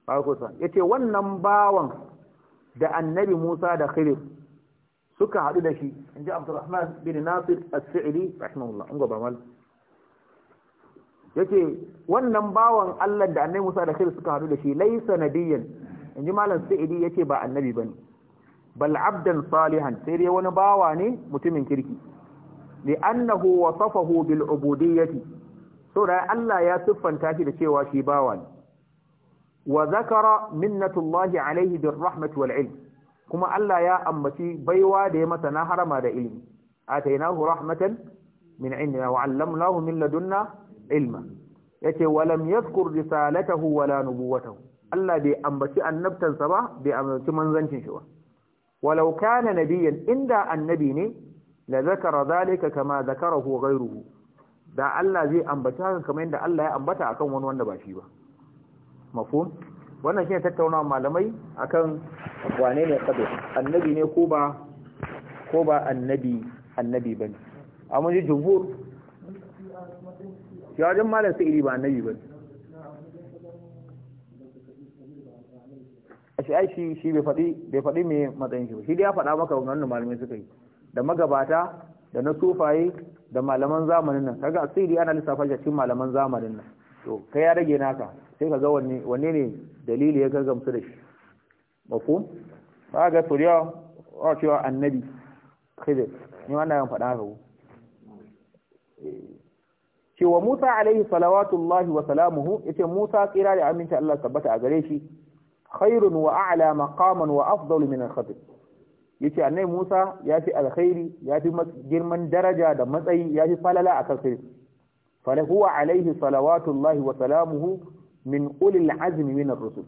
ba ku san yace wannan bawan da annabi Musa da Khidir suka haɗu da shi Abdurrahman bin Nasir as rahimahullah mal yace wannan bawan Allah da annabi Musa da Khidir suka hadu da shi laysa nabiyyan malam Sa'idi yace ba annabi bane bal abdan salihan sai dai wani bawa ne mutumin kirki li annahu wasafahu bil ubudiyyati so da Allah ya siffanta shi da cewa shi bawa ne wa zakara minnatullahi alaihi bir rahmati wal ilm kuma Allah ya ambaci baiwa da ya masa na harama da ilmi atainahu rahmatan min indina wa 'allamnahu min ladunna ilma yace wa lam yadhkur risalatahu wala nubuwatahu Allah bai ambaci annabtansa ba bai ambaci manzancin shi ba walau kana nabiyyan inda annabi ne la zakara zalika kama zakarahu ghayruhu da Allah zai ambata haka kamar yadda Allah ya ambata akan wani wanda ba shi ba mafhum wannan shine tattaunawa malamai akan wane ne kabe annabi ne ko ba ko ba annabi annabi bane amma jumhur ya jin malam sai ba annabi bane sai ai shi shi bai faɗi bai faɗi me matsayin shi ba shi dai ya faɗa maka wannan malamai suka yi da magabata da na sufaye da malaman zamanin nan kaga asiri ana lissafa shi cikin malaman zamanin nan to kai ya rage naka sai ka ga wanne wanne ne dalili ya gamsu da shi mafhum ba ga turiya wa cewa annabi khidir ni wannan ya faɗa haka eh, cewa Musa alaihi salawatullahi wa salamuhu yace Musa kira da aminta Allah tabbata a gare shi khairun wa a'la maqaman wa afdalu min al-khatib yace annai Musa ya fi alkhairi ya fi girman daraja da matsayi ya fi falala a kafir falahuwa alaihi salawatullahi wa salamuhu min ulil azmi min ar-rusul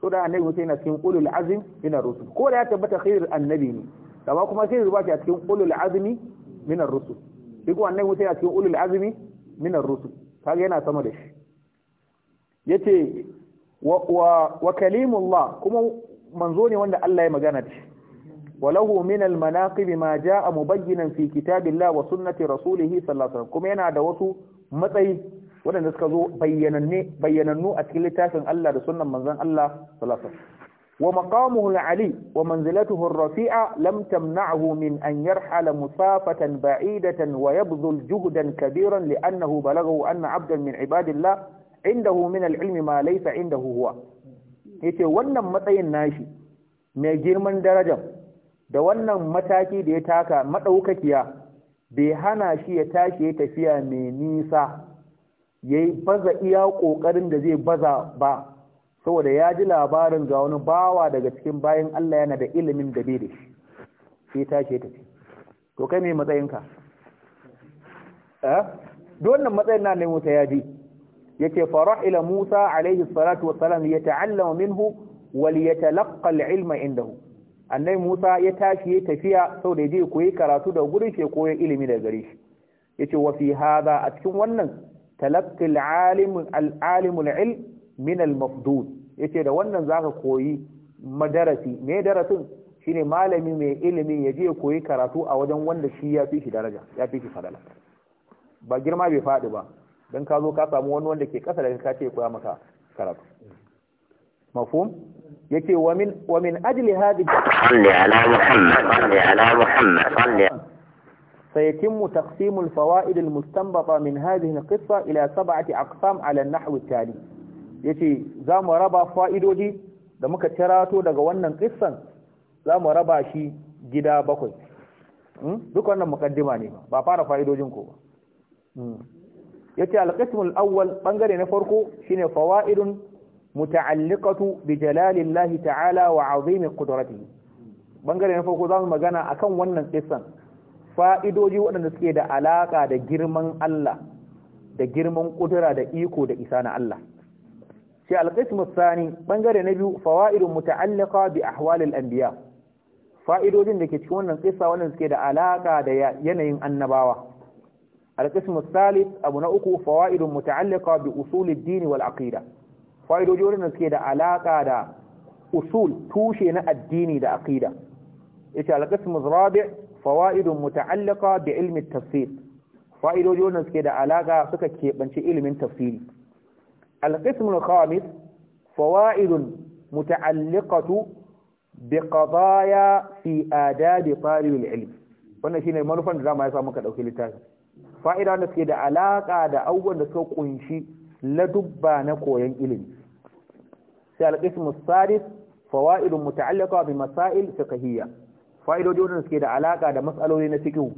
so da annabi Musa yana cikin ulul azmi min ar-rusul ko da ya tabbata khair annabi ne amma kuma sai zuba shi a cikin ulul azmi min ar-rusul duk annabi Musa yana cikin ulul azmi min ar-rusul kaga yana sama da shi yace wa kalimullah kuma manzo ne wanda Allah ya magana da shi walahu min almanaqib ma jaa mubayyinan fi kitabillah wa sunnati rasulih sallallahu alaihi wasallam kuma yana da wasu matsayi waɗanda suka zo bayyananne bayyanannu a cikin littafin Allah da sunnan manzon Allah sallallahu alaihi wasallam ومقامه العلي ومنزلته الرفيعة لم تمنعه من أن يرحل مسافة بعيدة ويبذل جهدا كبيرا لأنه بلغه أن عبدا من عباد الله indahu min al-ilmi ma laysa indahu huwa yace wannan matsayin nashi mai girman darajar da wannan mataki da ya taka madaukakiya bai hana shi ya tashi ya tafiya mai nisa yayi baza iya kokarin da zai baza ba saboda ya ji labarin ga wani bawa daga cikin bayan Allah yana da ilimin da bai da shi sai tashi ya tafi to kai mai matsayinka eh don wannan matsayin na ne mota ya ji yace farah ila Musa alaihi salatu wassalam yata'allamu minhu wa liyatalaqqa al-ilma indahu annabi Musa ya tashi ya tafiya saboda ya koyi karatu da gurin shi koyi ilimi da gare shi yace wa fi hadha a cikin wannan talaqqi al-alim al-alim al-ilm min al-mafdud yace da wannan zaka koyi madarasi me darasin shine malami mai ilimi ya je koyi karatu a wajen wanda shi ya fi shi daraja ya fi shi fadala ba girma bai faɗi ba don ka zo ka samu wani wanda ke kasa daga kace koya maka karatu mafhum yake wa min wa min ajli hadhi salli ala muhammad salli ala muhammad salli سيتم تقسيم الفوائد المستنبطة من هذه القصة إلى سبعة أقسام على النحو التالي يتي زام ربا فائدوجي da muka tirato daga wannan kissan za mu raba shi gida bakwai hmm? duk wannan mukaddima ne ba fara fa'idojin ko ba hmm. yace al awwal bangare na farko shine fawaidun muta'alliqatu bi jalalillahi ta'ala wa 'azimi qudratihi bangare na farko zamu magana akan wannan kissan fa'idoji waɗanda suke da alaka da girman Allah da girman kudura da iko da isa na Allah sai al-qismu bangare na biyu fawaidun muta'alliqa bi ahwalil anbiya fa'idojin da ke cikin wannan kissa wannan suke da alaka da yanayin annabawa القسم الثالث أبو نأكو فوائد متعلقة بأصول الدين والعقيدة فوائد جورنا كده علاقة دا أصول توشينا الدين دا عقيدة إيش القسم الرابع فوائد متعلقة بعلم التفسير فوائد جورنا كده علاقة سكة بنش علم التفسير القسم الخامس فوائد متعلقة بقضايا في آداب طالب العلم wannan shine manufan da zama ya samu ka dauki littafin fa'ida da suke da alaƙa da abubuwan da suka kunshi ladubba na koyon ilimi sai alƙismu sadis fawa'idun muta'allaka bi masail fiqhiyya fa'idodi wanda suke da alaƙa da matsaloli na fiqhu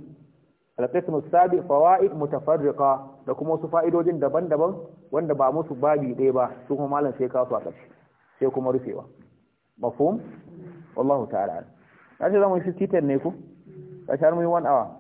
alƙismu sadis fawa'id mutafarriqa da kuma wasu fa'idodin daban-daban wanda ba musu babi ɗaya ba su kuma malam sai kasu a ƙarshe sai kuma rufewa mafhum wallahu ta'ala na ce zamu yi titan ne ku ƙashar mu yi 1 hour